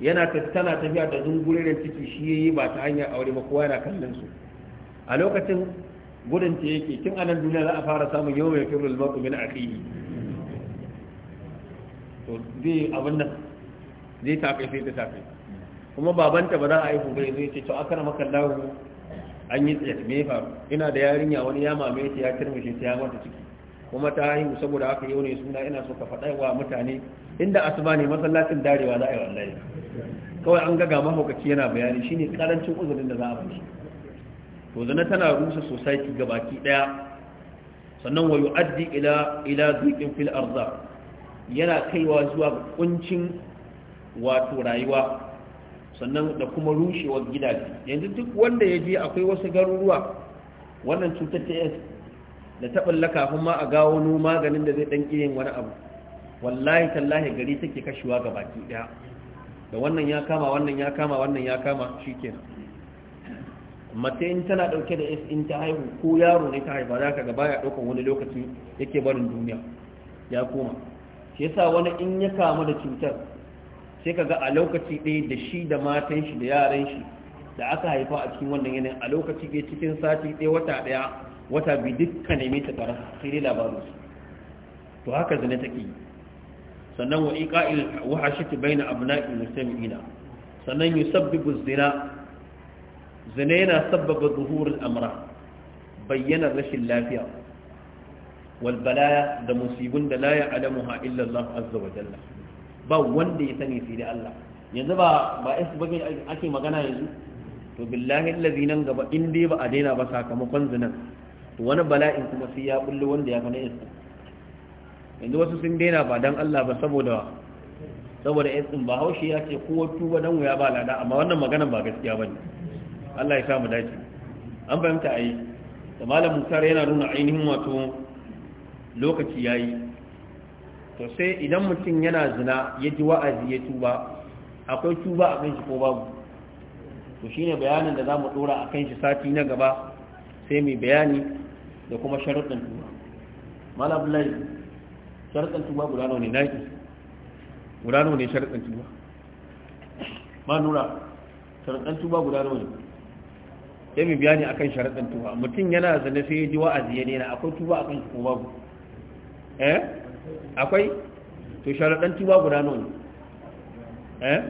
yana tana tafiya da dungurerin ciki shi yayi ba ta hanyar aure ba kowa yana kallon su a lokacin gudun ce yake tun anan duniya za a fara samun yau ya firul mar'u na akhihi to zai abin nan zai tafi sai ta tafi kuma babanta ba za a haihu bai zai ce to akara maka lahu an yi tsaye me faru ina da yarinya wani ya mame ta ya turmushe ta ya mata ciki kuma ta haihu saboda haka yau ne suna ina so ka faɗa wa mutane inda asuba ne masallacin darewa za a yi wallahi kawai an gaga mahaukaci yana bayani shine karancin uzurin da za a bashi to zina tana rusa society gabaki daya sannan wa yu'addi ila ila dhiqin fil arda yana kaiwa zuwa kuncin wato rayuwa sannan da kuma rushewar gidaje yanzu duk wanda ya je akwai wasu garuruwa wannan cutar ta yes da ta balla ma a gawo no maganin da zai dan yin wani abu wallahi tallahi gari take kashewa baki daya da wannan ya kama wannan ya kama wannan ya kama shikenan mace in tana dauke da is in ta haihu ko yaro ne ta haifa zaka ga baya daukan wani lokaci yake barin duniya ya koma shi yasa wani in ya kamu da cutar sai kaga a lokaci ɗaya da shi da matan shi da yaran shi da aka haifa a cikin wannan yanayin a lokaci ɗaya cikin sati ɗaya wata ɗaya wata biyu dukkan neme ta tsara sai dai labarin su to haka zane take yi sannan wa iqa'il wahashati baina abna'il muslimina sannan yusabbibu zina zina yana sabbaba zuhurin amra bayyanar rashin lafiya walbalaya da musibin da la alamu illa Allah azza wa jalla ba wanda ya sani sai da Allah yanzu ba ba is bagin ake magana yanzu to billahi allazi nan gaba in dai ba a daina ba sakamakon zinan to wani bala'in kuma sai ya bullo wanda ya fa na is yanzu wasu sun daina ba dan Allah ba saboda saboda is ba haushi ya ce kowa tuba dan wuya ba lada amma wannan magana ba gaskiya bane Allah ya samu dace an fahimta ayi da malam Musa yana nuna ainihin wato lokaci yayi to sai idan mutum yana zina ya ji wa'azi ya tuba akwai tuba a kan shi ko babu to shine bayanin da zamu dora a kan shi sati na gaba sai mai bayani da kuma sharuɗin tuba malam Abdullahi sharuɗin tuba guda nawa ne naki guda nawa ne sharuɗin tuba ma nura sharuɗin tuba guda nawa ne sai mu biya ne akan sharaɗin tuba mutum yana zane sai ji wa'azi ya nena akwai tuba akan shi ko eh akwai to sharaɗin tuba guda nawa ne eh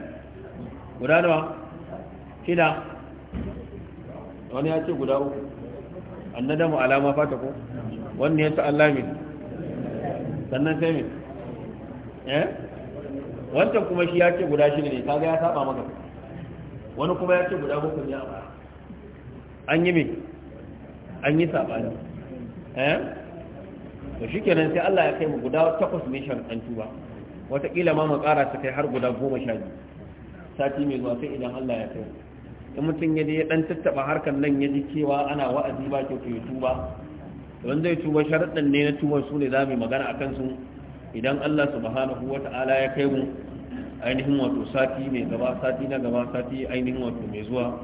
guda nawa shida wani ya ce guda uku an na damu alama fata ko wani ya ta Allah min sannan sai min eh wancan kuma shi ya ce guda shi ne kaga ya saba maka wani kuma ya ce guda bakwai ne a an yi mai an yi saɓani eh shi kenan sai Allah ya kai mu guda takwas ne an tuba watakila ma mu ƙara su kai har guda goma sha biyu sati mai zuwa sai idan Allah ya kai in mutum ya je dan tattaba tattaɓa harkar nan ya ji cewa ana wa'azi ba ke ya tuba don zai tuba sharaɗin ne na tuba su ne za mu magana a kansu idan Allah subhanahu wa ta'ala ya kai mu ainihin wato sati mai gaba sati na gaba sati ainihin wato mai zuwa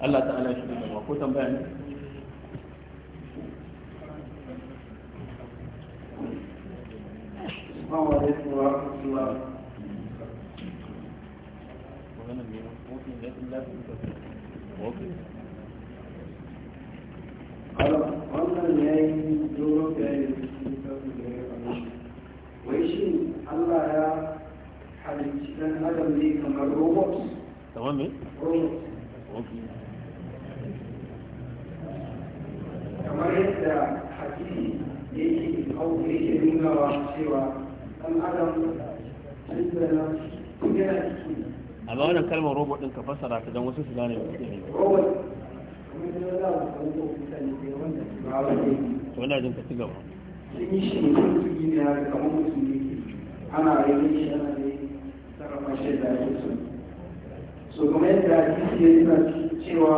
Allah ta'ala shi ne ko tambaya ne Assalamu alaikum wa rahmatullahi wa barakatuh. wannan ya yi doron bayani cikin sauƙi da ya faru wai shi allah ya halicci dan adam ne kamar robot kamar me robot kamar yadda hadisi yake auku yake wa cewa ɗan adam jinsanan yana ciki amma wannan kalmar robot din ka fassara ta don wasu su gane wasu ne robot kuma da za a kawo mutane da wanda su ba wa ne to ina jin ka ci gaba sun yi shi sun su yi ne haka kamar mutum ne ana rage shi ana ne sarrafa shi da ake so so kuma yadda hadisi yana cewa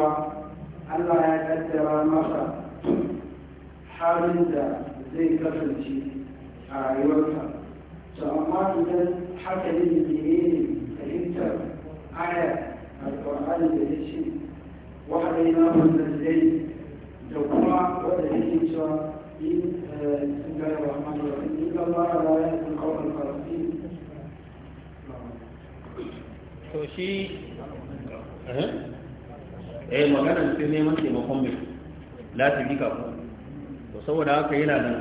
Allah ya kaddara masa halin da zai kasance a rayuwarsa to amma idan haka ne ne ne fahimtar aya alƙur'ani da ya ce wa'adai na wannan dai da kuma wanda yake cewa in sun gaya wa hamadu wa in kan ba a raya sun kawar farfi to shi eh maganar sai neman taimakon mai ka ku to saboda haka yana nan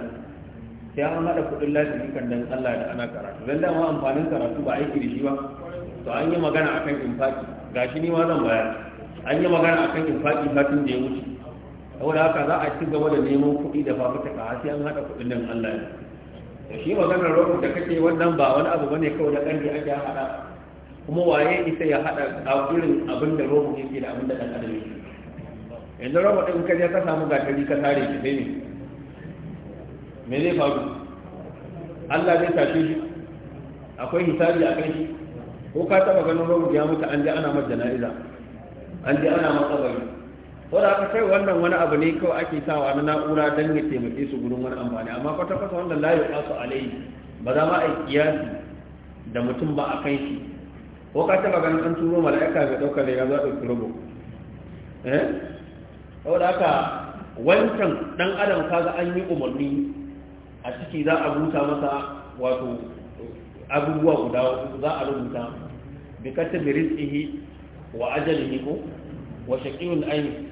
sai an haɗa kuɗin kan dan Allah da ana karatu dan dama amfanin karatu ba aiki da shi ba to an yi magana akan infaki gashi ni ma zan bayar an yi magana akan infaki fatin da ya wuce saboda haka za a ci gaba da neman kuɗi da fafutuka har sai an haɗa kuɗin dan Allah ne to shi maganar roƙo da kake wannan ba wani abu bane kawai da kanki ake haɗa kuma waye isa ya haɗa irin abin da roƙo yake da abin da ɗan adam yake yanzu raba ɗin ka je ka samu gatari ka sare shi sai ne me zai faru Allah zai tashe shi akwai hisabi a kai shi ko ka taba ganin rabu ya mutu an ji ana mata jana'iza an ji ana mata kabari ko da kai wannan wani abu ne kawai ake sawa na na'ura don ya taimake su gurin wani amfani amma kwata kwata wannan layu yuqasu alai ba za ma a kiyasi da mutum ba a kai shi ko ka taba ganin an turo mala'ika ga ɗaukar da ya za a ɗauki eh saboda haka wancan dan adam kaga an yi umarni a ciki za a rubuta masa wato abubuwa guda za a rubuta bi katabi rizqihi wa ajalihi ko wa shaqiyul ayn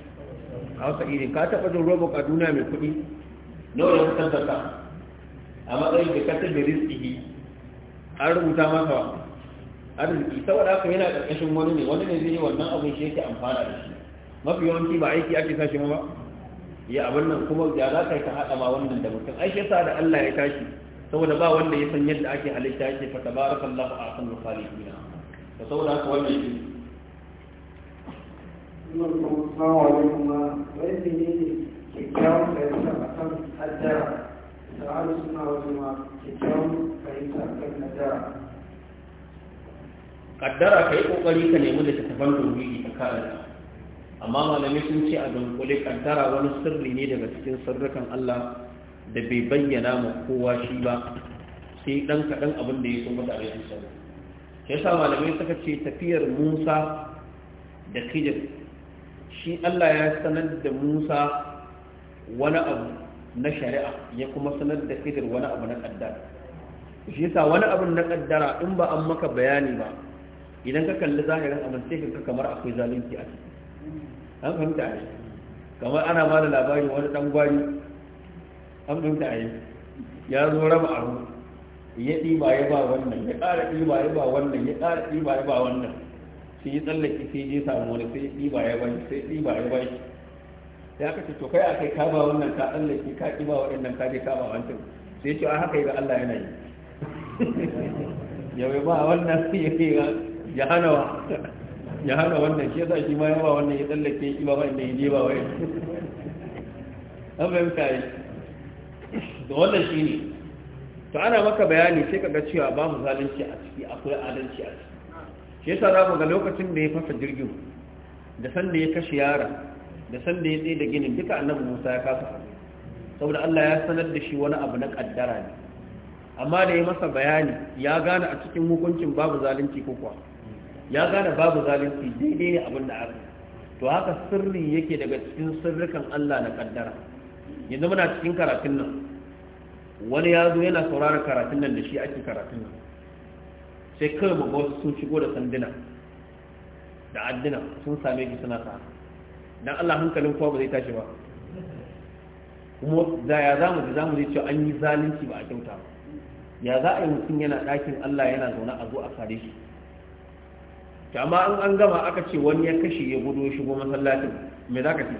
hausa irin ka taba jin robo a duniya mai kuɗi nawa ne tantata amma a matsayin bi katabi rizqihi an rubuta masa arziki saboda haka yana karkashin wani ne wani ne zai yi wannan abin shi yake amfana da shi mafi yawanci ba aiki ake sashi ma ba ya abin nan kuma ya za ka yi ta haɗa ma wannan da mutum ai sa da Allah ya tashi saboda ba wanda ya san yadda ake halitta yake fa tabarakallahu ahsanul khaliqina to saboda haka wannan shi Ina kuma ne da suna ma Kaddara ka yi ƙoƙari ka nemi da ta tafan domin ka kare amma malamai sun ce a dunkule kaddara wani sirri ne daga cikin sirrukan Allah da bai bayyana ma kowa shi ba sai dan kaɗan abin da ya so mutane su sani yasa malamai suka ce tafiyar Musa da Khidir shi Allah ya sanar da Musa wani abu na shari'a ya kuma sanar da Khidir wani abu na kaddara shi yasa wani abu na kaddara in ba an maka bayani ba idan ka kalli zahirin abin sai ka kamar akwai zalunci a ciki an fahimta a yi kamar ana ba da labarin wani dan gwari an fahimta a yi ya zo raba abu ya ɗiba ya ba wannan ya ƙara ɗiba ya ba wannan ya ƙara ɗiba ya ba wannan sai ya tsallake sai je samu wani sai ya ɗiba ya ba sai ya ɗiba ya ba shi sai aka ce to kai akai ka ba wannan ka tsallake ka ɗiba waɗannan ka je ka ba wancan sai ya ce a haka ga Allah yana yi ya bai ba wannan ya hana wa ya hana wannan shi yasa shi ma yawa wannan ya tsallake shi ba wanda ya je ba wai an fahimta yi da wannan shi ne to ana maka bayani sai ka ga cewa babu zalunci a ciki akwai adalci a ciki shi yasa za mu ga lokacin da ya fasa jirgin da sanda ya kashe yara da sanda ya tsaye da ginin duka annabi musa ya kasa saboda allah ya sanar da shi wani abu na kaddara ne amma da ya masa bayani ya gane a cikin hukuncin babu zalunci ko kuwa ya gane babu zalunci daidai ne abin da aka to haka sirri yake daga cikin sirrikan Allah na kaddara yanzu muna cikin karatun nan wani ya zo yana saurara karatun nan da shi ake karatun nan sai kawai mu wasu sun shigo da sanduna da addina sun same shi suna sa dan Allah hankalin kowa ba zai tashi ba kuma da ya zamu ji zamu ji cewa an yi zalunci ba a kyauta ba ya za a yi mutum yana ɗakin Allah yana zaune a zo a kare shi to amma an an gama aka ce wani ya kashe ya gudu shigo masallacin me za ka ce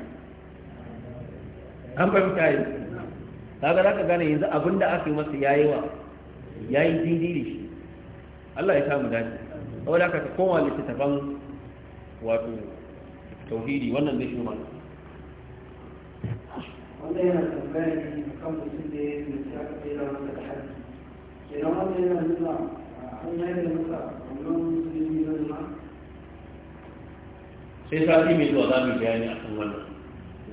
an bai yi kaga za ka gane yanzu abin da aka masa ya yi wa ya shi Allah ya mu dace saboda haka ta koma littattafan wato tauhidi wannan zai shi mana wanda yana tambaya ne kan mutum da ya yi mutum da yana nuna an yi masa sai fi mai zuwa za mu bayani a kan wannan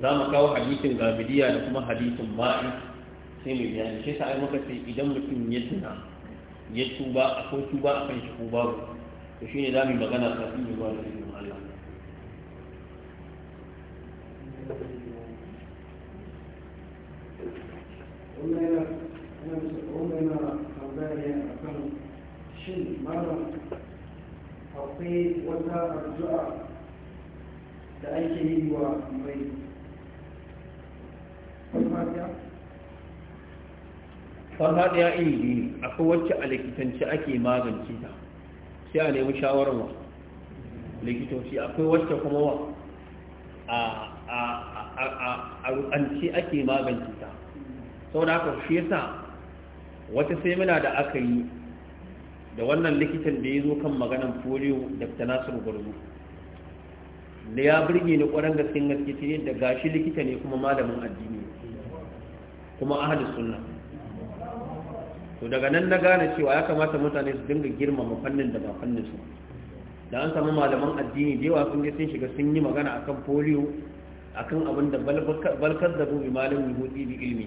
za mu kawo hadisin gabidiya da kuma hadisin ba'i sai mu bayani sai sa'ai maka sai idan mutum ya tuna ya tuba akwai tuba a kan shi ko babu to shine za mu magana a kan tuba da izinin Allah wannan yana tambaya ne shin malam akwai wata addu'a da ake yi wa mai farfadiya iri biyu akwai wacce a likitanci ake magance ta sai a nemi shawarar wa likitoci akwai wacce kuma wa a rukanci ake magance ta sau da haka shi yasa wata sai muna da aka yi da wannan likitan da ya zo kan maganan polio dr nasiru gwarzo da ya birge ni kwaran gaskin gaske ne da gashi likita ne kuma malamin addini kuma ahadu sunna to daga nan na gane cewa ya kamata mutane su dinga girmama fannin da ba fannin su da an samu malaman addini da yawa sun je sun shiga sun yi magana akan polio akan abin da balkar da bi malamin hudi bi ilmi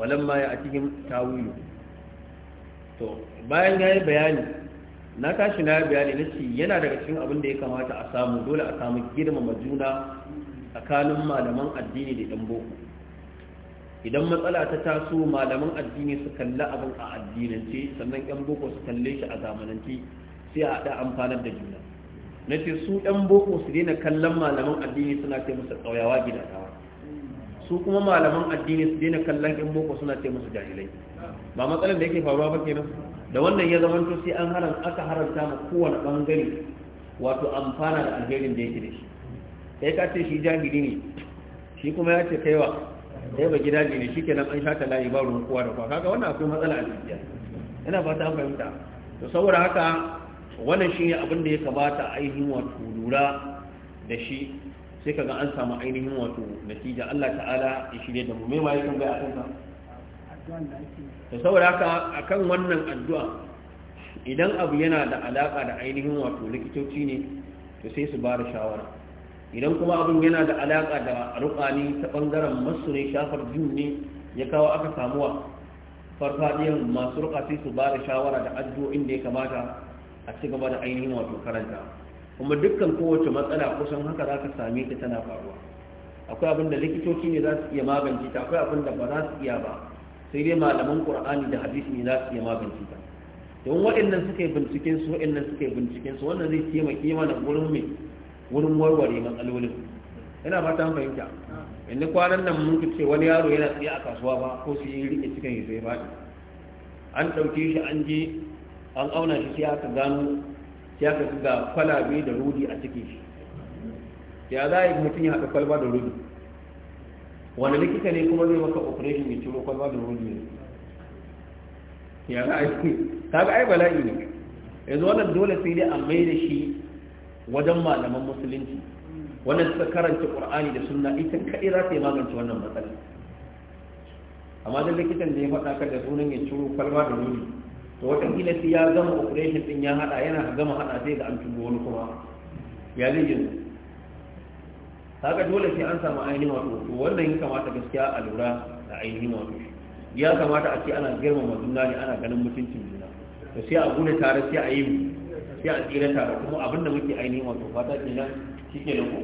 walamma ya cikin tawilu to bayan ya yi bayani na tashi na bayani na ce yana daga cikin abin da ya kamata a samu dole a samu girmama juna tsakanin malaman addini da ɗan boko idan matsala ta taso malaman addini su kalli abin a addinance sannan ɗan boko su kalle shi a zamanance sai a haɗa amfanar da juna na ce su ɗan boko su daina kallon malaman addini suna kai musu ƙauyawa kawa su kuma malaman addini su daina kallon in boko suna ce musu jahilai ba matsalar da yake faruwa ba kenan da wannan ya zamanto sai an haram aka haramta mu kowane bangare wato amfana da alherin da yake da shi sai ka ce shi jahili ne shi kuma ya ce kaiwa sai ba gida ne shi kenan an shata layi ba ruwan kowa da kowa kaga wannan akwai matsala a cikin ina fata an fahimta to saboda haka wannan shine ne abin da ya kamata ainihin wato lura da shi sai ka ga an samu ainihin wato natija Allah ta'ala ya shirye da mu mai ma yakan a akan ta saboda haka akan wannan addu'a idan abu yana da alaka da ainihin wato likitoci ne to sai su bada shawara idan kuma abin yana da alaka da rukani ta bangaren masu ne shafar jun ne ya kawo aka samuwa farfadiyar masu ruka sai su bada shawara da addu'o'in da ya kamata a cigaba da ainihin wato karanta kuma dukkan kowace matsala kusan haka za ka same ta tana faruwa akwai abin da likitoci ne za su iya magance ta akwai abin da ba za su iya ba sai dai malaman qur'ani da hadisi ne za su iya magance ta don waɗannan suka yi binciken su waɗannan suka yi binciken su wannan zai taimake mana gurin mai wurin warware matsalolin yana ba ta fahimta In kwanan nan mun ce wani yaro yana tsaye a kasuwa ba ko su yi riƙe cikin ya sai baɗi an ɗauke shi an je an auna shi sai aka gano ya ka ga kwalabe da rudi a cikin shi ya za a yi mutum ya haɗa kwalba da rudi wani likita ne kuma zai maka operation ya ciro kwalba da rudi ne ya za a yi ta ga ai bala'i ne yanzu wannan dole sai dai a mai da shi wajen malaman musulunci wannan suka karanta qur'ani da sunna ita kaɗai za ta yi magance wannan matsala amma da likitan da ya faɗa ka da sunan ya ciro kwalba da rudi to watakila sai ya gama operation din ya hada yana gama hada sai ga an tubo wani kuma ya zai yin haka dole sai an samu ainihin wato to wannan ya kamata gaskiya a lura da ainihin wato ya kamata a ce ana girmama juna ne ana ganin mutuncin juna to sai a gune tare sai a yi sai a tsira tare kuma abin da muke ainihin wato fata kenan shike da ku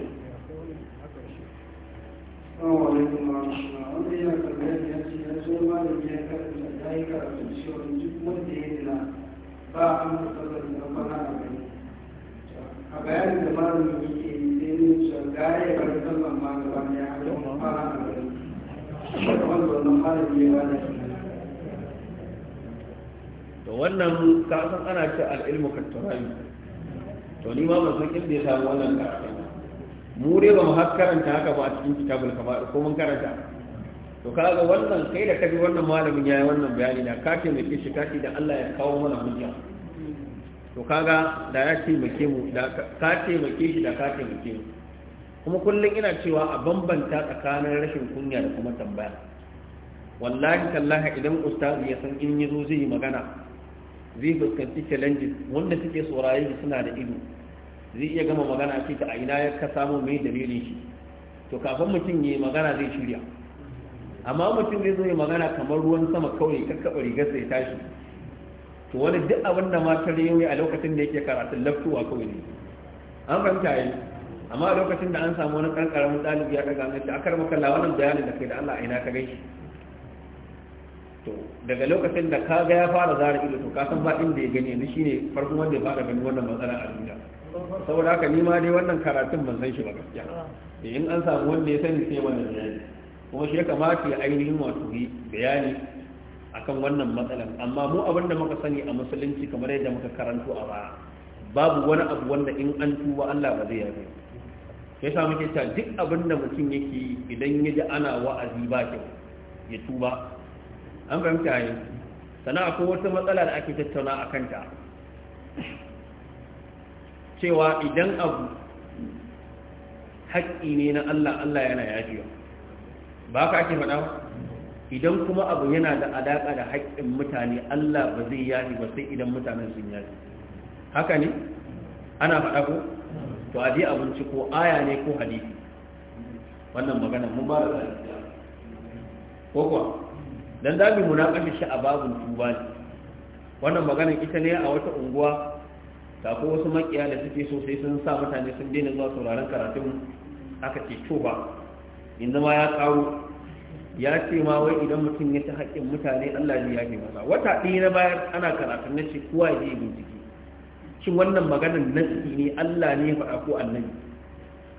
Assalamu alaikum warahmatullahi wabarakatuh. ya yi karatu cewa duk wanda ya zina ba a amsa sallar da kwana a gani a bayanin da malamin yake yi sai ne cewa gaya ya bari sallar ma gaba ne a kan kwana a gani wanda wannan malamin ya bada shi to wannan ka san ana ce al'ilmu kattarabi to ni ma ban san inda ya samu wannan karatu mu dai ba mu har karanta haka ba a cikin kitabul kamar ko mun karanta to kaga wannan kai da kaji wannan malamin yayi wannan bayani da ka taimake shi kaci da Allah ya kawo mana hujja to kaga da ya muke mu da kake shi da ka muke mu kuma kullum ina cewa a bambanta tsakanin rashin kunya da kuma tambaya wallahi tallahi idan ustazi ya san in yazo zai yi magana zai fuskanci challenges wanda suke tsoraye suna da ido zai iya gama magana ce ta a ina ya ka samu mai dalilin shi to kafin mutum yi magana zai shirya amma mutum ne zai magana kamar ruwan sama kawai kakkaɓa rigar sai tashi to wani duk abin da matar yau a lokacin da yake karatun laftuwa kawai ne an fahimta yi amma a lokacin da an samu wani kankaramin ɗalibi ya ɗaga mace a karɓar kalla wannan bayanin da kai da Allah a ina ka gaishe to daga lokacin da ka ga ya fara zara ido to ka san ba inda ya gani yanzu shine farkon wanda ya fara gani wannan matsala a duniya saboda haka ni ma dai wannan karatun ban san shi ba gaskiya eh, in an samu wanda ya sani sai wannan bayani kuma shi ya kamata ya ainihin wato yi bayani akan wannan matsalan amma mu abin da muka sani a musulunci kamar yadda muka karanto a baya babu wani abu wanda in an tuba Allah ba zai yafe ya sa muke cewa duk abin da mutum yake idan ya ji ana wa'azi ba kyau ya tuba an fahimta yi sannan akwai wata matsala da ake tattauna a kanta cewa idan abu haƙƙi ne na Allah Allah yana yafewa ba ka ake faɗa idan kuma abu yana da alaƙa da haƙƙin mutane Allah ba zai yafi ba sai idan mutanen sun yafi haka ne ana faɗa ko to a je abinci ko aya ne ko hadisi wannan magana mun ba da ko kuwa dan zabi munakashi shi a babun tuba ne wannan magana ita ne a wata unguwa ta ko wasu makiya da suke so sai sun sa mutane sun daina zuwa sauraron karatun aka ce tuba ba inda ma ya tsaro ya ce ma wai idan mutum ya ta haƙƙin mutane Allah ne ya ke masa wata ɗaya na bayan ana karatu na ce kowa ya yi bincike shin wannan maganar nasi ne Allah ne ya faɗa ko annabi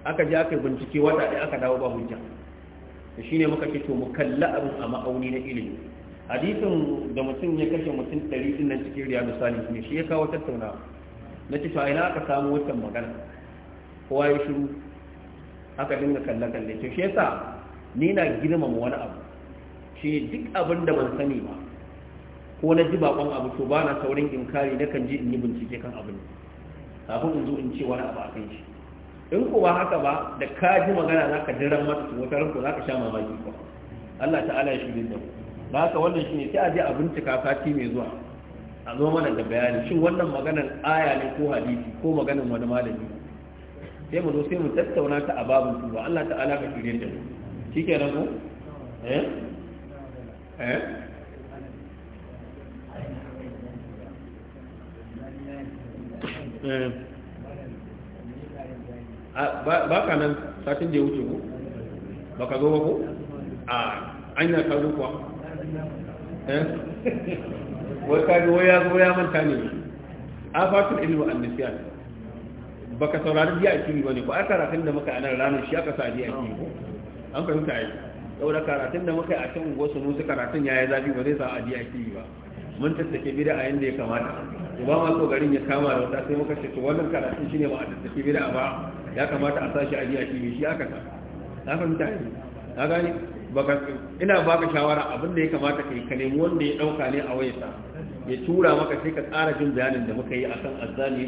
aka je aka bincike wata ɗaya aka dawo ba hujja da shi ne muka ce to mu kalla abin a ma'auni na ilimi hadisin da mutum ya kashe mutum ɗari ɗin nan cikin riya misali ne shi ya kawo tattaunawa na ce to a ina aka samu wancan magana kowa ya shiru aka dinga kalle kalle to shi yasa ni na girmama wani abu shi duk abin da ban sani ba ko na ji bakon abu to ba na saurin inkari na kan ji in yi bincike kan abin kafin in zo in ce wani abu a kan shi in ko ba haka ba da ka ji magana za ka jiran mata su wata ranko za ka sha mamaki ba Allah ta'ala ya shirin da ba haka wannan shi ne sai a je a bincika sati mai zuwa a zo mana da bayani shin wannan maganar aya ne ko hadisi ko maganar wani malami sai mu zo sai mu tattauna ta a babin tuba Allah ta'ala ka shirye da mu ke ko eh eh, eh. ba ka nan satin da ya wuce ku ba ka zo ba ku a an yi kawo kuwa eh? wai kaji wai ya zo ya manta ne a fatin ilimin annisiyar baka saurari biya a kimi bane ko a karatun da muka a nan ranar shi aka sa biya a kimi ko an fahimta yi saboda karatun da muka a can wasu musu karatun ya yi zafi ba zai sa a biya a kimi ba mun tattake bida a yadda ya kamata ba ma so garin ya kama da wata sai muka ce wannan karatun shine ba a tattake bida ba ya kamata a sashi a biya a kimi shi aka sa na fahimta yi na gani ina baka shawara abin da ya kamata kai ka nemi wanda ya dauka ne a wayarsa ya tura maka sai ka tsara jin bayanin da muka yi akan azzani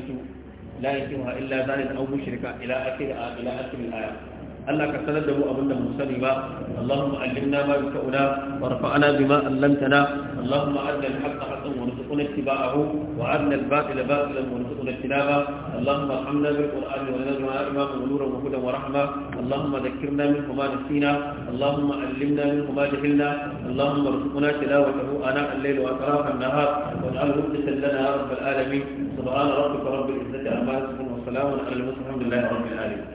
la yakimuha illa zalika aw mushrika ila akhir ila akhir al-aya Allah ka sanar da mu abin da mu sani ba Allahumma allimna ma yanfa'una warfa'na bima 'allamtana Allahumma adna al-haqqa haqqan warzuqna ittiba'ahu wa adna al-batila batilan warzuqna ijtinaba Allahumma arhamna bil Qur'ani wa najna imaman wa nuran wa hudan wa rahma Allahumma dhakkirna minhu ma nasina Allahumma allimna minhu ma jahilna Allahumma arzuqna tilawatahu ana al-layl wa atrafa an-nahar waj'alhu hujjatan lana ya rabbal alamin subhana rabbika rabbil izzati amma yasifun wa salamun ala al-mursalin alhamdulillahi rabbil alamin